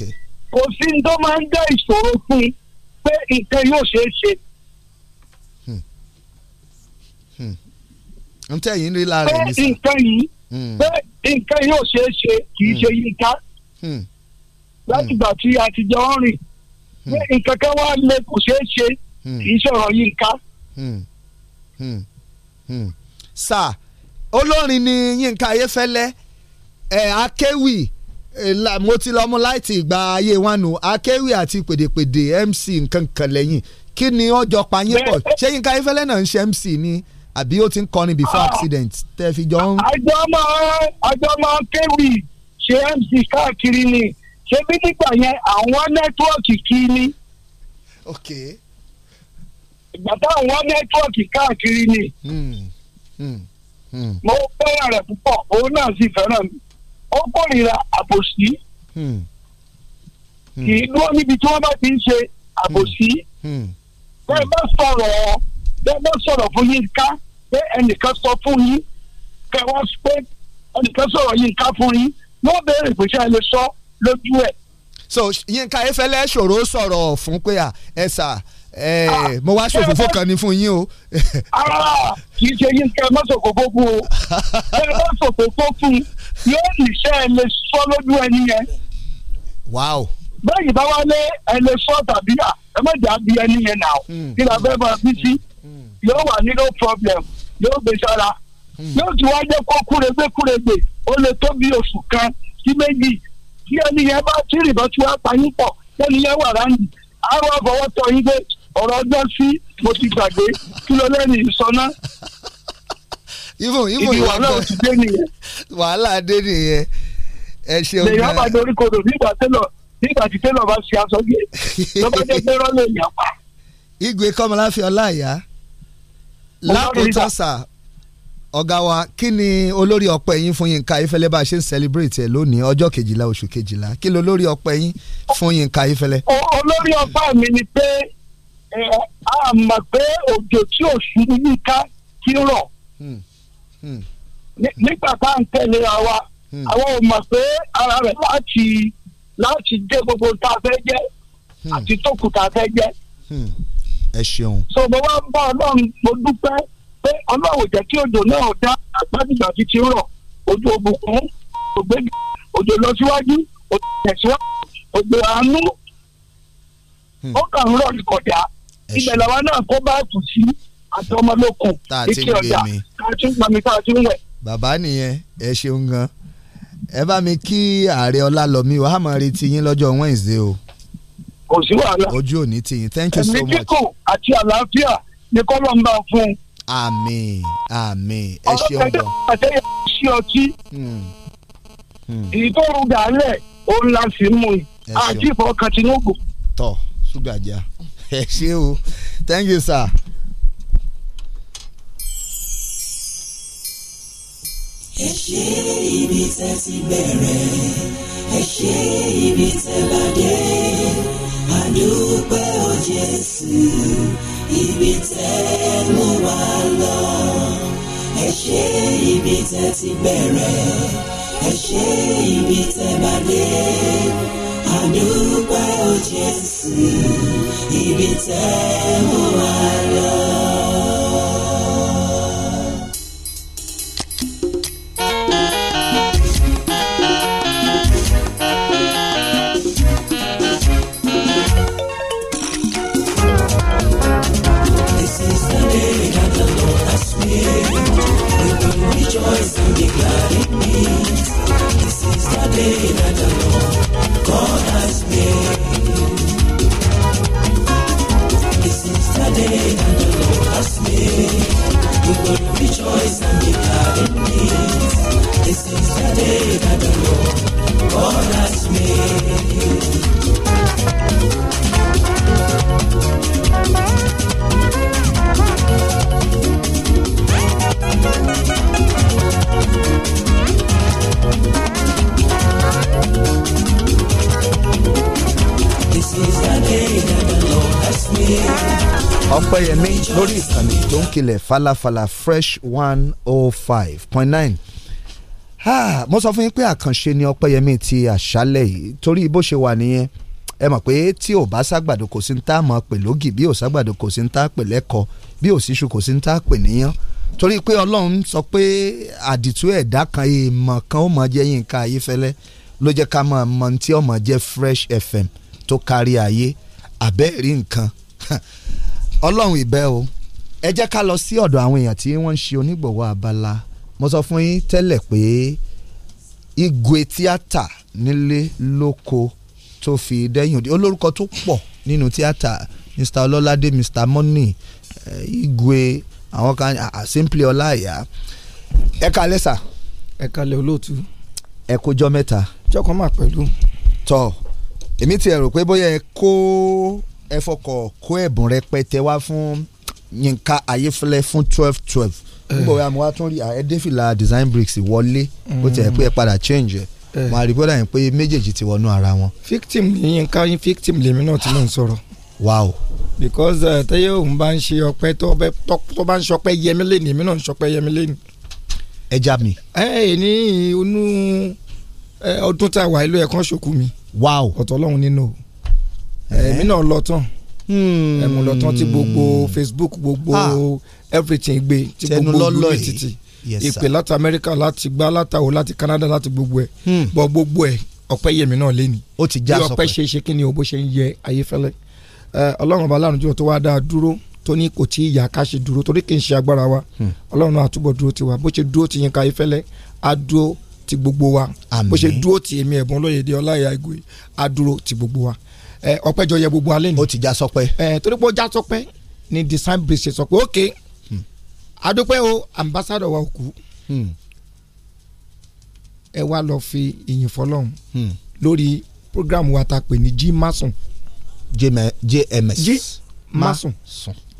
kò sí ní tó máa ń dá ìṣòro fún un pé nǹkan yóò ṣeé ṣe. Hmm. Hmm. n tẹ́ yìí rí lára ẹ̀ ní pé nǹkan yìí hmm. pé nǹkan yóò ṣeé ṣe kì í ṣe hmm. yíká hmm. látìgbà hmm. tí a ti jọ ń rìn nǹkan kan wá lé kò ṣeé ṣe kì í ṣọ̀rọ̀ yíká. sà olórin ni yínká ayéfẹ́lẹ́ ẹ̀ akéwì mo ti lọ́mú láti ìgbà ayé wánu akéwì àti pèdèpèdè mc nǹkan kan lẹ́yìn kí ni ọjọ́ payín pọ̀ ṣé yínká ayéfẹ́lẹ́ náà ń ṣe mc ni. Eh, àbí ó ti ń kọrin before ah. accident tẹ́ fi jọ ń. àjọ máa àjọ máa kéwì ṣe mc káàkiri ni ṣé bí nígbà yẹn àwọn nẹ́tíwọ́ọ̀kì kí ni. ok. ìgbà táwọn nẹ́tíwọ́ọ̀kì káàkiri ni. Hmm. Hmm. Hmm. mo fẹ́ràn rẹ̀ púpọ̀ òun náà sì fẹ́ràn mi ó kórìíra àbòsí kì í dúró níbi tí wọ́n bá ti ń ṣe àbòsí bẹ́ẹ̀ bá sọ̀rọ̀ bẹ́ẹ̀ bá sọ̀rọ̀ fún Yínká pé ẹnìkan sọ fún yín kẹ wá pé ẹnìkan sọ̀rọ̀ Yínká fún yín wọ́n béèrè pé ṣé ẹ lè sọ lójú ẹ̀. so Yínká Ayéfẹ́lẹ́ ṣòro sọ̀rọ̀ fún pé ẹ sà mo wá ṣòfófó kan ní fún yín o. ara ah, kì í ṣe Yínká ẹ má ṣòfófó fún o ẹ má ṣòfófó fún yóò níṣẹ́ ẹ lè sọ lójú ẹ nìyẹn. wow bẹ́ẹ̀ni bá wálé ẹni sọ tàbí à ẹ má jà bí ẹni yẹn nà ó hmm. kí la fẹ́ máa bí sí hmm. Hmm. yóò wà ní problem yóò gbé sára hmm. yóò tún wá jẹ́ kó kúrègbè kúrègbè ó lè tó bí oṣù kan sí méjì tí ẹni yẹn bá tí ìrìbọn tí wàá pa yín pọ̀ ẹni yẹn wà ráńdì àárọ̀ àbọ̀wọ́ tọ́ yín dé ọ̀rọ̀ ọjọ́ sí mo ti gbàgbé kí ló lẹ́nu ìsọná. ibo ibo ìwà náà ti dé nìyẹn. wàhálà dé nìyẹn ẹ ṣeun náà. lèyìn àbàdé orí kodò nígbà tẹ́lọ̀ nígbà tí tẹ́lọ̀ bá ṣe aṣọ gbé lọ́bàjẹ́ gbẹ́rọ́ lè yàn pa. igwe kọ́mọláfẹ́ ọláìyá lákòótán sà ọ̀gá wa kí ni olórí ọpẹ́ yín fún Yínká Ayéfẹ́lẹ́ bá a ṣe ń celebrate ẹ̀ lónìí ọjọ́ kejìlá oṣù kejìlá kí ni olórí ọpẹ́ yín fún Yínká Ayéfẹ́lẹ́. olórí ọpẹ́ mi ni pé a mọ̀ pé òjò tí oṣù Yínká ti rọ̀ hmm, hmm. nígbà tá à ń tẹ̀lé àwa hmm. àwọn ò mọ̀ pé ara rẹ̀ láti láti dé gbogbo tá a fẹ́ jẹ́ àti tókù tá a fẹ́ jẹ́ ẹ ṣeun. so mo wá ń bá ọlọ́run mo dúpẹ́ pé ọlọ́run jẹ́ kí òjò náà dá àgbàdìgbà ti ti rọ̀ ojú òbùkún ògbégi òjò lọ síwájú òjò tẹ̀síwájú òjò àánú hmm. ó kàn ń rọ̀ nìkọ̀dá ibẹ̀ làwọn náà kó bá tù sí àti ọmọlókun ike ọjà káàtì ń pami káàtì ń wẹ̀. bàbá nìyẹn ẹ ṣeun gan ẹ bá mi kí ààrẹ ọlálọmí wàá máa retí yín lọ́jọ́ Wednesday o kò sí wàhálà. ojú ò ní tiyín thank you so much. ẹ̀mí kíkùn àti àlàáfíà ni kọ́lọ́ ń bá fún un. àmín àmín ẹ ṣeun gan. ọlọ́pàá tẹ́lẹ̀ sí ọtí ìtòrú hmm. hmm. gàálẹ̀ òun la sì mú i àti ìfọkàn tinubu. tọ ṣúgà já ẹ ṣé o thank you sir. ẹ ṣe ibi tẹ́ ti bẹ̀rẹ̀ ẹ ṣe ibi tẹ́ bá dé dúpẹ́ o Jésù ibi tẹ́ mú wa lọ ẹ ṣé ibi tẹ́ ti bẹ̀rẹ̀ ẹ ṣé ibi tẹ́ bá dé a dúpẹ́ o Jésù ibi tẹ́ mú wa lọ. kilẹ̀ falafala fresh one oh five point nine mo sọ fún yín pé àkànṣe ni ọpẹ́yẹmí ti àṣálẹ̀ yìí torí bó ṣe wà nìyẹn ẹ mọ̀ pé tí ò bá ságbàdo kò sí ń tá mọ̀ pè lógì bí ò ságbàdo kò sí ń tá pè lẹ́kọ̀ọ́ bí ò síṣu kò sí ń tá pè níyàn torí pé ọlọ́run sọ pé àdìtú ẹ̀dá kan èèmọ̀ kan ó mọ̀ jẹ́ Yínká Ayéfẹ́lẹ́ ló jẹ́ ká mọ̀ mọ̀ tí ó jẹ́ Fresh FM tó kárí ayé àbẹ́ẹ̀rí nǹkan ọlọ́run ìbẹ́ o ẹ jẹ́ ká lọ sí ọ̀dọ̀ àwọn èèyàn tí wọ́n ń ṣe onígbọ̀wọ́ abala mo sọ fún yín tẹ́lẹ̀ pé igwe tíátà nílé lóko tó fi dẹ́yìn òde olórúkọ tó pọ̀ nínú tíátà Mr Ọlọ́ládé Mr Money uh, igwe àwọn kan ah, ah, simply ọláìyá ẹ ká lẹ́sà. ẹ kalẹ̀ olóòtú. ẹ kójọ mẹ́ta. jọkọ máa pẹ̀lú. tọ èmi ti rò pé bóyá ẹ kó ẹ fọkọ̀ kó ẹ̀bùn rẹpẹtẹ wá fún Yínká Ayéfẹ́lẹ́ fún twelve twelve nígbà wo àmọ́ wa tún rí ẹ̀ẹ́dẹ́fìlà design bricks wọlé ó ti ẹ̀ pé ẹ padà change ẹ̀ eh. wọn àrígbọ́dà yẹn pé méjèèjì ti wọnú ara wọn. victim ni Yínká victim lèmi náà ti mọ̀ ń sọ̀rọ̀. wow. because eh, tẹ́yẹ̀ òun bá ń ṣe ọpẹ́ tó bá ń ṣọpẹ́ yẹmi lẹ́nu èmi náà ń ṣọpẹ́ yẹmi ẹ já mi. ẹ ẹ ní inú eh, ọdún tá a wà ilé ẹ̀kan ṣòkú mi. wow. ọ̀tọ̀ ọlọ́run nínú èmi náà lọ tán. Hmm. ẹ mú lọ tán tí gbogbo Facebook gbogbo ah. everything gbé tí gbogbo gbé títì ìpè láti Amẹ́ríkà láti gbá látàwọ̀ láti Canada láti gbogbo ẹ̀ hmm. bọ̀ gbogbo ẹ̀ ọpẹ́ yẹmi náà lé ní. ó ti já sọpẹ́ bí ọpẹ́ ṣe ṣe kí ni o bó ṣe ń yẹ ayéfẹ́lẹ́ ọlọ́run ọba aláàánú jùlọ tó wá dáa dúró tó ní kò tí ì yá ká ṣe dúró torí kì í ṣe agbára wa hmm. ọlọ́run náà àtúbọ̀ dúró tiwa bó ṣe dúró ti yín ká ayéfẹ́lẹ́ á dúró ti gbogbo wa bó ṣe dúró ti èmi ẹ̀bùn olóyèdè ọláyà ìgò á dúró ti gbogbo wa ọpẹjọ yẹ gbogbo alẹ́ ni. ó ti já sọpẹ́. ẹ torí pé ó já sọpẹ́ ni design bridge ṣe sọ pé ok hmm. adúpẹ́ o ambassadọ̀ wa kú hmm. ẹ wá lọ fi ìyìn fọlọ́hún hmm. lórí program wa ta pè ní g mason. jms. g mason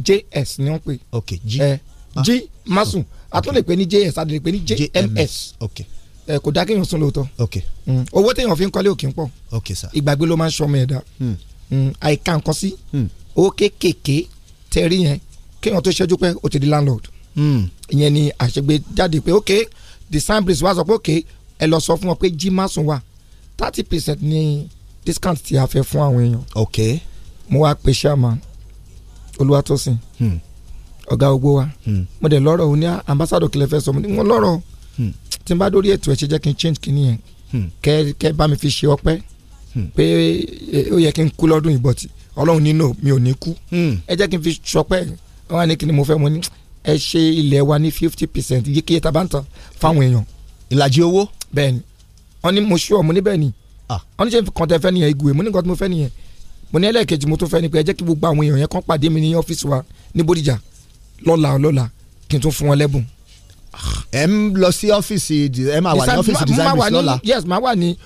js ni wọ́n pè. ok g. Eh, g mason a tún lè pè ní js a lè pè ní jms. jms. okay kò dá kéèyàn sùn lóòótọ́ mm. owó téèyàn fi ń kọ́lé òkè ń pọ̀ ìgbàgbé ló máa ń sọmọ ẹ̀dá hmm. mm. àìka nǹkan sí hmm. owó kéékèèké tẹ̀rí yẹn kéèyàn tó ṣẹ́jú pé ó ti di landlord hmm. ìyẹn ni àṣegbè jáde pé ok the sambles wá sọ pé ok ẹ lọ sọ fún wọn pé jí má wà thirty percent ni discount tí a fẹ́ fún àwọn èèyàn. mo wá pe chairman Olúwatósìn ọ̀gá ogbó wa mo dẹ̀ lọ́rọ̀ òun ní ah, ambassador kìlẹ̀ fẹ́ sọ mo ní wọn lọ́rọ̀ tí n bá dórí ètò ẹ ṣe jẹ́ kí n change kí nìyẹn hmm. kẹ́ kẹ́ bá mi fi ṣe ọpẹ́ hmm. pé ó yẹ kí n kú lọ́dún yìí but ọlọ́run nínú mi ò ní kú hmm. ẹ jẹ́ kí n fi ṣọpẹ́ wọn ní kí ni mo fẹ́ mo ní ẹ ṣe ilẹ̀ wa ní fifty percent yìí kí yẹta bá ń tan fáwọn èèyàn. ìlàjì owó. bẹ́ẹ̀ni wọn ni mo ṣú ọ mo ní bẹ́ẹ̀ni wọn ní ṣe kàn tẹ fẹ́ nìyẹn igwe mo ní kàn tí mo fẹ́ nìyẹn mo ní ẹlẹ́ẹ̀kejì mo tún fẹ́ ni pé ẹ jẹ́ kí gbogbo àwọn èèyàn yẹn kàn pàdé mi ní ọ́fíìsì wa ní Bódìjà lọ́la lọ́la kí n tún fún wọn lẹ́bùn ẹ ń lọ sí ọ́fíìsì ẹ máa wà ní ọ́fíìsì design base lọ́la. yes máa wà ní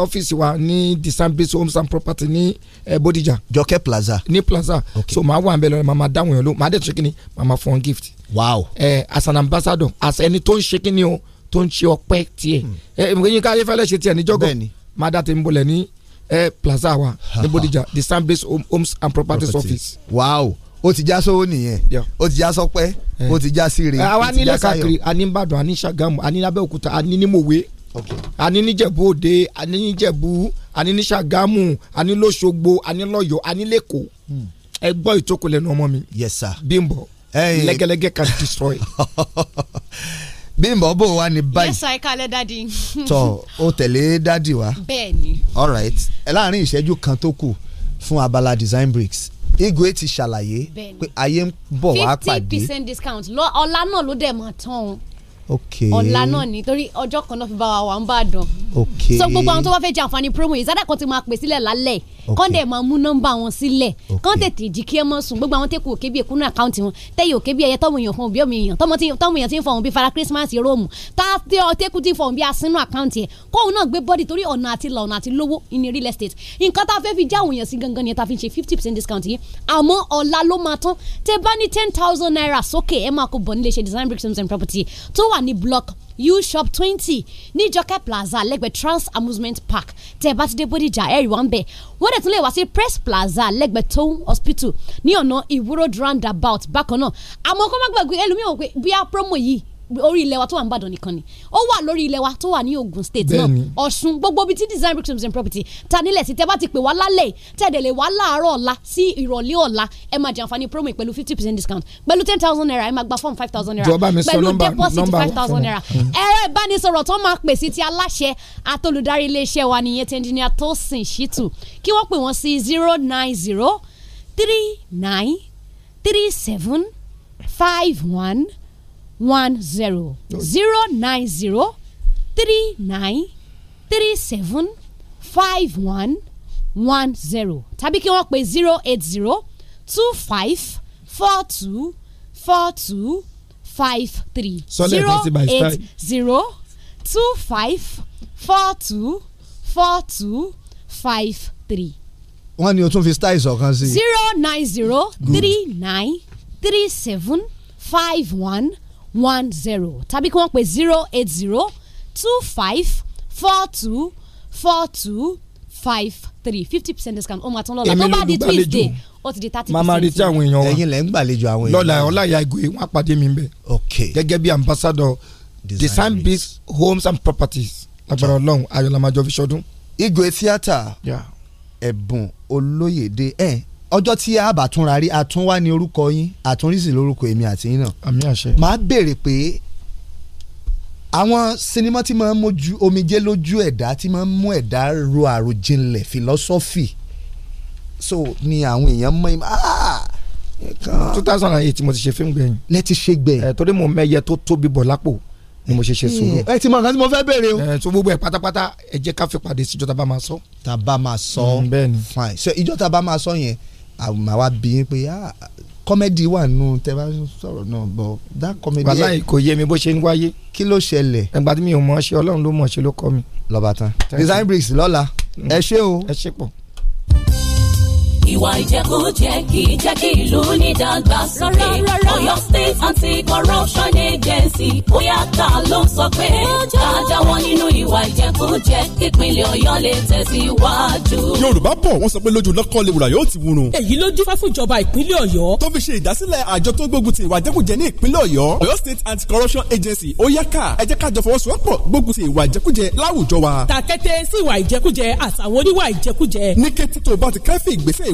ọ́fíìsì wa ní design base homes and property ní eh, Bodija. Jọkẹ́ plaza. ní plaza okay. so máa wà nbẹ lọ́la màmá dáhùn yẹn ló màá dẹ̀ ṣèkínni màmá fún gift. wow eh, as an ambassador as ẹni tó ń ṣèkínni o tó ń ṣe ọpẹ́ tiẹ̀ ẹ̀yìn hmm. eh, ká ayéfẹ́lẹ́ ṣe tiẹ̀ níjọ́gọ̀ máa dá tèmi bolẹ̀ ní eh, plaza wa ní Bodija design base homes and properties office. wow ó ti já sówó nìyẹn ó ti já sọpẹ́ eh. ó ti já síre eh, ó ti já sáyọ̀. àwa nílẹ̀ káàkiri a ní Ìbàdàn a ní Ṣàgámù a ní Abẹ́òkúta a ẹ gbọ́ ìtókò lẹ́nu ọmọ mi. yes sir. Bímbọ́ lẹ́gẹ́lẹ́gẹ́ can destroy. Bimbo, bò wá ní báyìí. yes I ẹ kálẹ̀ dadi. tọ o tẹ̀lé dadi wa. bẹ́ẹ̀ni. all right láàrin ìṣẹ́jú kan tó kù fún abala design bricks Igwe ti ṣàlàyé pé ayé ń bọ̀ wá pàdé. fifty percent discount ọ̀la náà ló dẹ̀ mọ̀ tán o ọ̀la náà ni torí ọjọ́ kan náà fi bá wa wà ń bàdàn so gbogbo àwọn tó bá fẹ́ jẹ àǹfààní promo yìí sádà kan ti máa pè sílẹ̀ lálẹ́ kán dẹ̀ máa mú nọ́mbà wọn sílẹ̀ kán tètè jí kí ẹ mọ̀ sùn gbogbo àwọn tẹ́kù òkébí èkúnú àkáǹtì wọn tẹ́yẹ òkébí ẹyẹ tọ́mù èèyàn fún òbí ọmọ èèyàn tọ́mù èèyàn ti ń fọ̀hún bí fara Christmas róòmù tẹ́kù ti ń fọ̀hún bí asínú àkáǹtì ẹ̀ kóun náà gbé bọ́dì torí ọ̀nà àti ìlà ọ̀nà àti lówó ní real estate nǹkan tá a fẹ́ fi já àwọn èèyàn sí gangan nìyẹn tá a fi ń ṣe fifty percent discount yìí àmọ́ ọ̀la ló máa tán tẹ́ bá ní ten thousand naira sókè ẹ máa kó bọ̀ nílé iṣẹ́ design bricks and property tó wà ní block u shop twenty ní jọkẹ́ plaza lẹ́gbẹ̀ẹ́ trans amusement park tẹ́ ẹ bá ti dé bódìjà ẹ̀rì wá ń bẹ̀ wọ́n dẹ̀ tún lè wá sí press plaza lẹ́gbẹ̀ẹ́ town hospital ní ọ̀nà ìwúrò roundabout bákan náà àmọ́ kó má gbàgbé ẹlòmíràn pé bíi promo yìí orí ilẹ̀ wa tó wà ní Ìbàdàn nìkan ni ó wà lórí ilẹ̀ wa tó wà ní Ògùn state náà Ọ̀ṣun gbogbo ibi tí design bricks and property ta nílẹ̀ sí tẹ́ bá ti pè wá lálẹ́ tẹ̀dẹ̀lẹ̀ wá láàárọ̀ ọ̀la sí ìrọ̀lẹ́ ọ̀la ẹ máa jẹ àǹfààní promo pẹ̀lú fifty percent discount pẹ̀lú ten thousand naira ẹ máa gba form five thousand naira pẹ̀lú deposit five thousand naira ẹ̀rọ ìbánisọ̀rọ̀ tó máa pè sí ti aláṣẹ àtolùdarí iléeṣẹ́ wa nìyẹn ti engineer Tosin Shitu kí wọ́n pè zero nine zero three nine three seven five one one zero zero nine zero three nine three seven five one one zero tàbí kí wọ́n pe zero eight zero two five four two four two five three zero eight zero two five four two four two five three. wọ́n ní o tún fi style sọ̀kan sí. zero nine zero three nine three seven five one one zero tàbí kí wọ́n pè zero eight zero two five four two four two five three fifty percent discount ó máa tán lọ́la tó bá di tuesday ó ti di thirty percent. màmá retí àwọn èèyàn wa ẹ̀yin lẹ ń gbàlejò àwọn èèyàn. lọ́la ọláyà igoe wọn pàdé mi bẹ́ẹ̀. ok gẹ́gẹ́ bí ambassador design based homes and properties lágbára ọlọ́run ayọ̀lámájọ́ fi ṣọdún. igoe theatre ẹ̀bùn olóyèdè ẹ̀ ọjọ́ tí a bá túnra rí àtúnwá ní orúkọ yín àtúnrísì lórúkọ èmi àti yín náà. àmì àṣẹ. màá béèrè pé àwọn sinimá tí máa ń mójú omijé lójú ẹ̀dá tí máa ń mú ẹ̀dá ro àròjinlẹ̀ philosophy so ni àwọn èèyàn mọ ìmọ̀ ah! two thousand and eight mo ti ṣe fíìmù gbẹ̀yìn. lẹ́tí ṣe gbẹ̀yìn. ẹ torí mo mẹ́yẹ tó tóbi bọ̀ lápò ni mo ṣe ṣe sùúrù. ẹ ti mọ nǹkan tí mo fẹ́ béèrè o. ẹ tó gbogbo ẹ pátápátá ẹ jẹ́ ká fi pàdé sí ìjọ tá a bá máa sọ. tá a bá máa sọ mm, fine so ìjọ tá a bá máa sọ yẹn màá wá bí yín pé kọ́mẹ́dì ah, wà nù tẹ́ bá sọ̀rọ̀ náà bọ̀ dá kọ́mẹ́dì. wàláì kò yé mi bó ṣe ń wáyé. kí ló ṣẹlẹ̀. ẹgbà tí mi ò mọ̀ ṣe ọlọ́run ló mọ̀ ṣe ló kọ́ mi. lọ́ba tán design bricks lọ́la ẹ ṣé o. ẹ ṣé pọ̀ ìwà ìjẹkújẹ kì í jẹ́ kí ìlú ní dàgbàsókè Ọ̀yọ́ State Anti-Corruption Agency bóyá ta ló ń sọ pé ká jáwọ́ nínú ìwà ìjẹkújẹ kí ìpínlẹ̀ Ọ̀yọ́ lè tẹ̀síwájú. Yorùbá bọ̀ wọ́n sọ pé lójú lọ́kọ́ lè wùrà yóò ti wúrun. èyí ló dífá fún ìjọba ìpínlẹ̀ Ọ̀yọ́. tó fi ṣe ìdásílẹ̀ àjọ tó gbógun ti ìwà ìjẹkújẹ ní ìpínlẹ̀ Ọ̀yọ́ Ọ̀yọ́ State Anti-Corruption Agency ó yá ká ẹ jẹ́ ká jọ fọwọ́sowọ́pọ̀ gbógun ti ìwà ìjẹkújẹ láwùjọ wa. tàkété sí ìwà ìjẹkújẹ àtàwọn oníwà ìjẹkújẹ. ní kété tó o bá ti kẹ́fì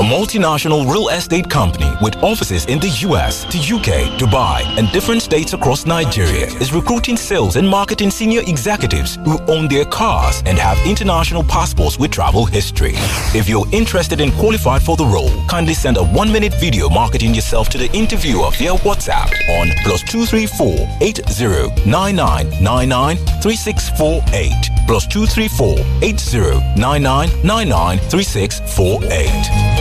A multinational real estate company with offices in the US, the UK, Dubai, and different states across Nigeria is recruiting sales and marketing senior executives who own their cars and have international passports with travel history. If you're interested and qualified for the role, kindly send a one minute video marketing yourself to the interviewer via WhatsApp on plus 234 plus 234 80 9999 3648.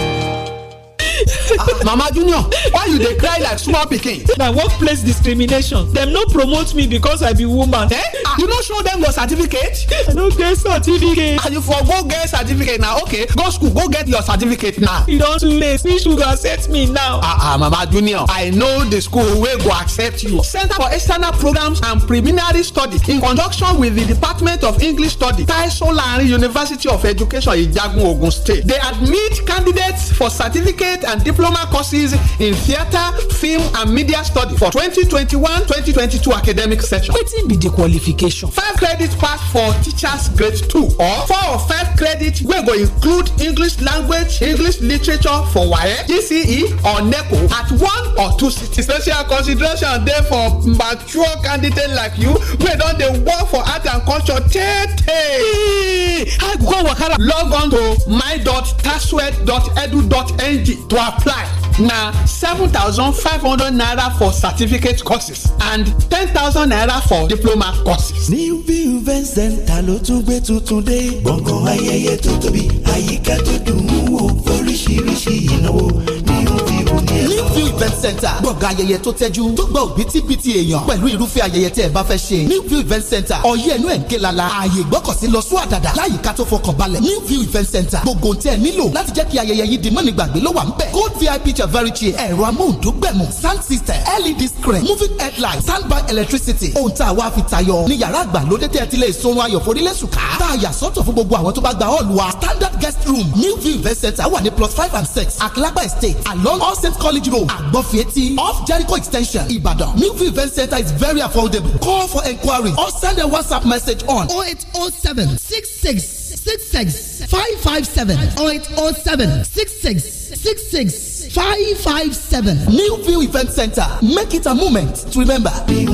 mama junior why you dey cry like small pikin. na workplace discrimination dem no promote me because i be woman. eh ah, you no show dem your certificate. i no get certificate. and you for go get certificate na okay go school go get your certificate now. e don too late me should accept me now. ah ah mama junior i know the school wey go accept you. center for external programs and preliminary studies in conjunction with the department of english studies taiso larin university of education ijagun ogun state dey admit candidates for certificate and diploma courses in theatre film and media studies for 2021-2022 academic session. What be the qualification? five credit pass for teachers grade two or four or five credit wey go include english language english literature for waye gce or neco at one or two cities. special consideration there for mature candidates like you wey don dey work for art and culture tey tey. i go wakala. log on to my.tasweb.edu.ng to apply na seven thousand five hundred naira for certificate courses and ten thousand naira for diploma courses. new view event center ló tún gbé tuntun dé. gbọ̀ngàn ayẹyẹ tó tóbi àyíká tó dùn ún wò oríṣiríṣi ìnáwó new view Newview event center gbọ̀ngàn ayẹyẹ tó tẹ́jú tó gba òbítíbitì èèyàn pẹ̀lú irúfẹ́ ayẹyẹ tẹ́ ẹ bá fẹ́ ṣe Newview event center ọyẹ́ ẹnu ẹ̀ ń ké lala ààyè ìgbọ́kọ̀sí lọ sún àdàdà láyìíká tó fọkàn balẹ̀ Newview event center gbogbo tẹ́ ẹ nílò láti jẹ́ kí ayẹyẹ yìí di mọ́nìgbàgbé ló wà ń bẹ̀ gold vip chavari chair ẹ̀rọ amóhùndógbẹ̀mù sound system led screen moving headlight standby electricity ohun tá a wá fi tayọ ní yàrá àgbàlódé tẹ́ ẹ ti lè sunrun ayọ̀ forílẹ̀sùká tá a yà sọ́tọ̀ fún gbogbo àwọn tó bá gba hall wa standard guest room Newview event center wà ní plus five and six àkìlágbà estate along all state college road agbofieti off jericho extension ibadan milview event center is very affordable call for enquiry or send a whatsapp message on 0807 66 66 557 0807 66 66 557 Newview event center make it a moment to remember. ẹ̀yin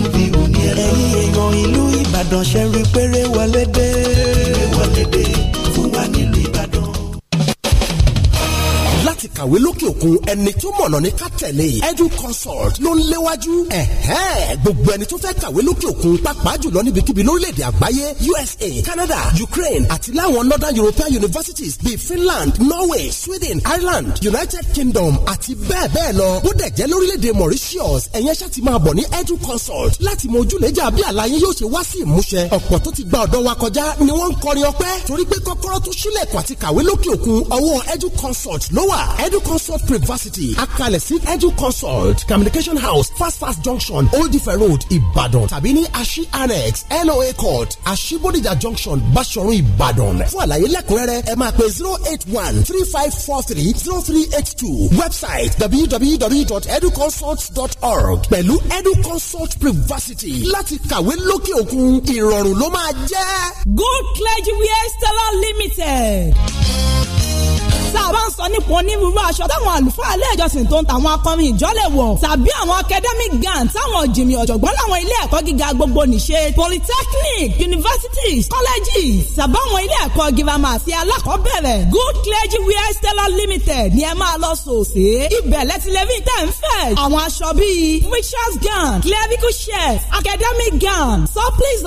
èèyàn ìlú ìbàdàn ṣe rí péré wọlé dé. wọlé dé fún wa nílùú ìbàdàn láti kàwé lókè òkun ẹni tó mọ̀nà ní ká tẹ̀lé edu consult ló ń léwájú ẹ̀hẹ́n gbogbo ẹni tó fẹ́ kàwé lókè òkun pàápàá jùlọ níbikíbi lórílẹ̀‐èdè àgbáyé USA Canada Ukraine àti láwọn northern European universities bíi Finland Norway Sweden Ireland United Kingdom àti bẹ́ẹ̀ bẹ́ẹ̀ lọ bó dẹ̀ jẹ́ lórílẹ̀‐èdè Mauritius ẹ̀yẹn ṣá ti máa bọ̀ ní edu consult láti mọ ojúlẹ̀jà bí àlàyé yóò ṣe wá sí ìmúṣẹ ọ̀pọ̀ tó ti gba ọ̀dọ́ wa kọjá ni wọ́n ń kọrin ọpẹ́ torí pé kọ́kọ́rọ́ tó ṣílẹ̀kùn àti kàwé lókè òkun ọwọ́ edu consult ló wà educonsult privacy akalẹ̀ sí educonsult communication house fast fast junction old ife road ìbàdàn tàbí ní ashi annex noa court ashibodija junction basoro ìbàdàn fún àlàyé lẹ́kùnrẹ́rẹ́ ẹ máa pè zero eight one three five four three zero three eight two website www.educonsult.org pẹ̀lú educonsult privacy láti kàwé lókè òkun ìrọ̀rùn ló máa jẹ́. good clergy wear stellar limited tá a bá ń sọ nípa onírúurú aṣọ táwọn àlùfáà ilé ìjọsìn tó ń tàwọn akọrin ìjọ lè wọ̀ tàbí àwọn academic gown táwọn jìmì ọ̀jọ̀gbọ́n láwọn ilé ẹ̀kọ́ gíga gbogbo nìṣe polytechnic universities colleges tàbáwọn ilé ẹ̀kọ́ girama àti alákọ̀ọ́bẹ̀rẹ̀ good clergy wear stellar limited ni ẹ máa lọ sòsè ibẹ̀ lẹ́tìlẹ́bí tẹ̀ ń fẹ́ àwọn aṣọ bíi preachers gown clerical shirt academic So please.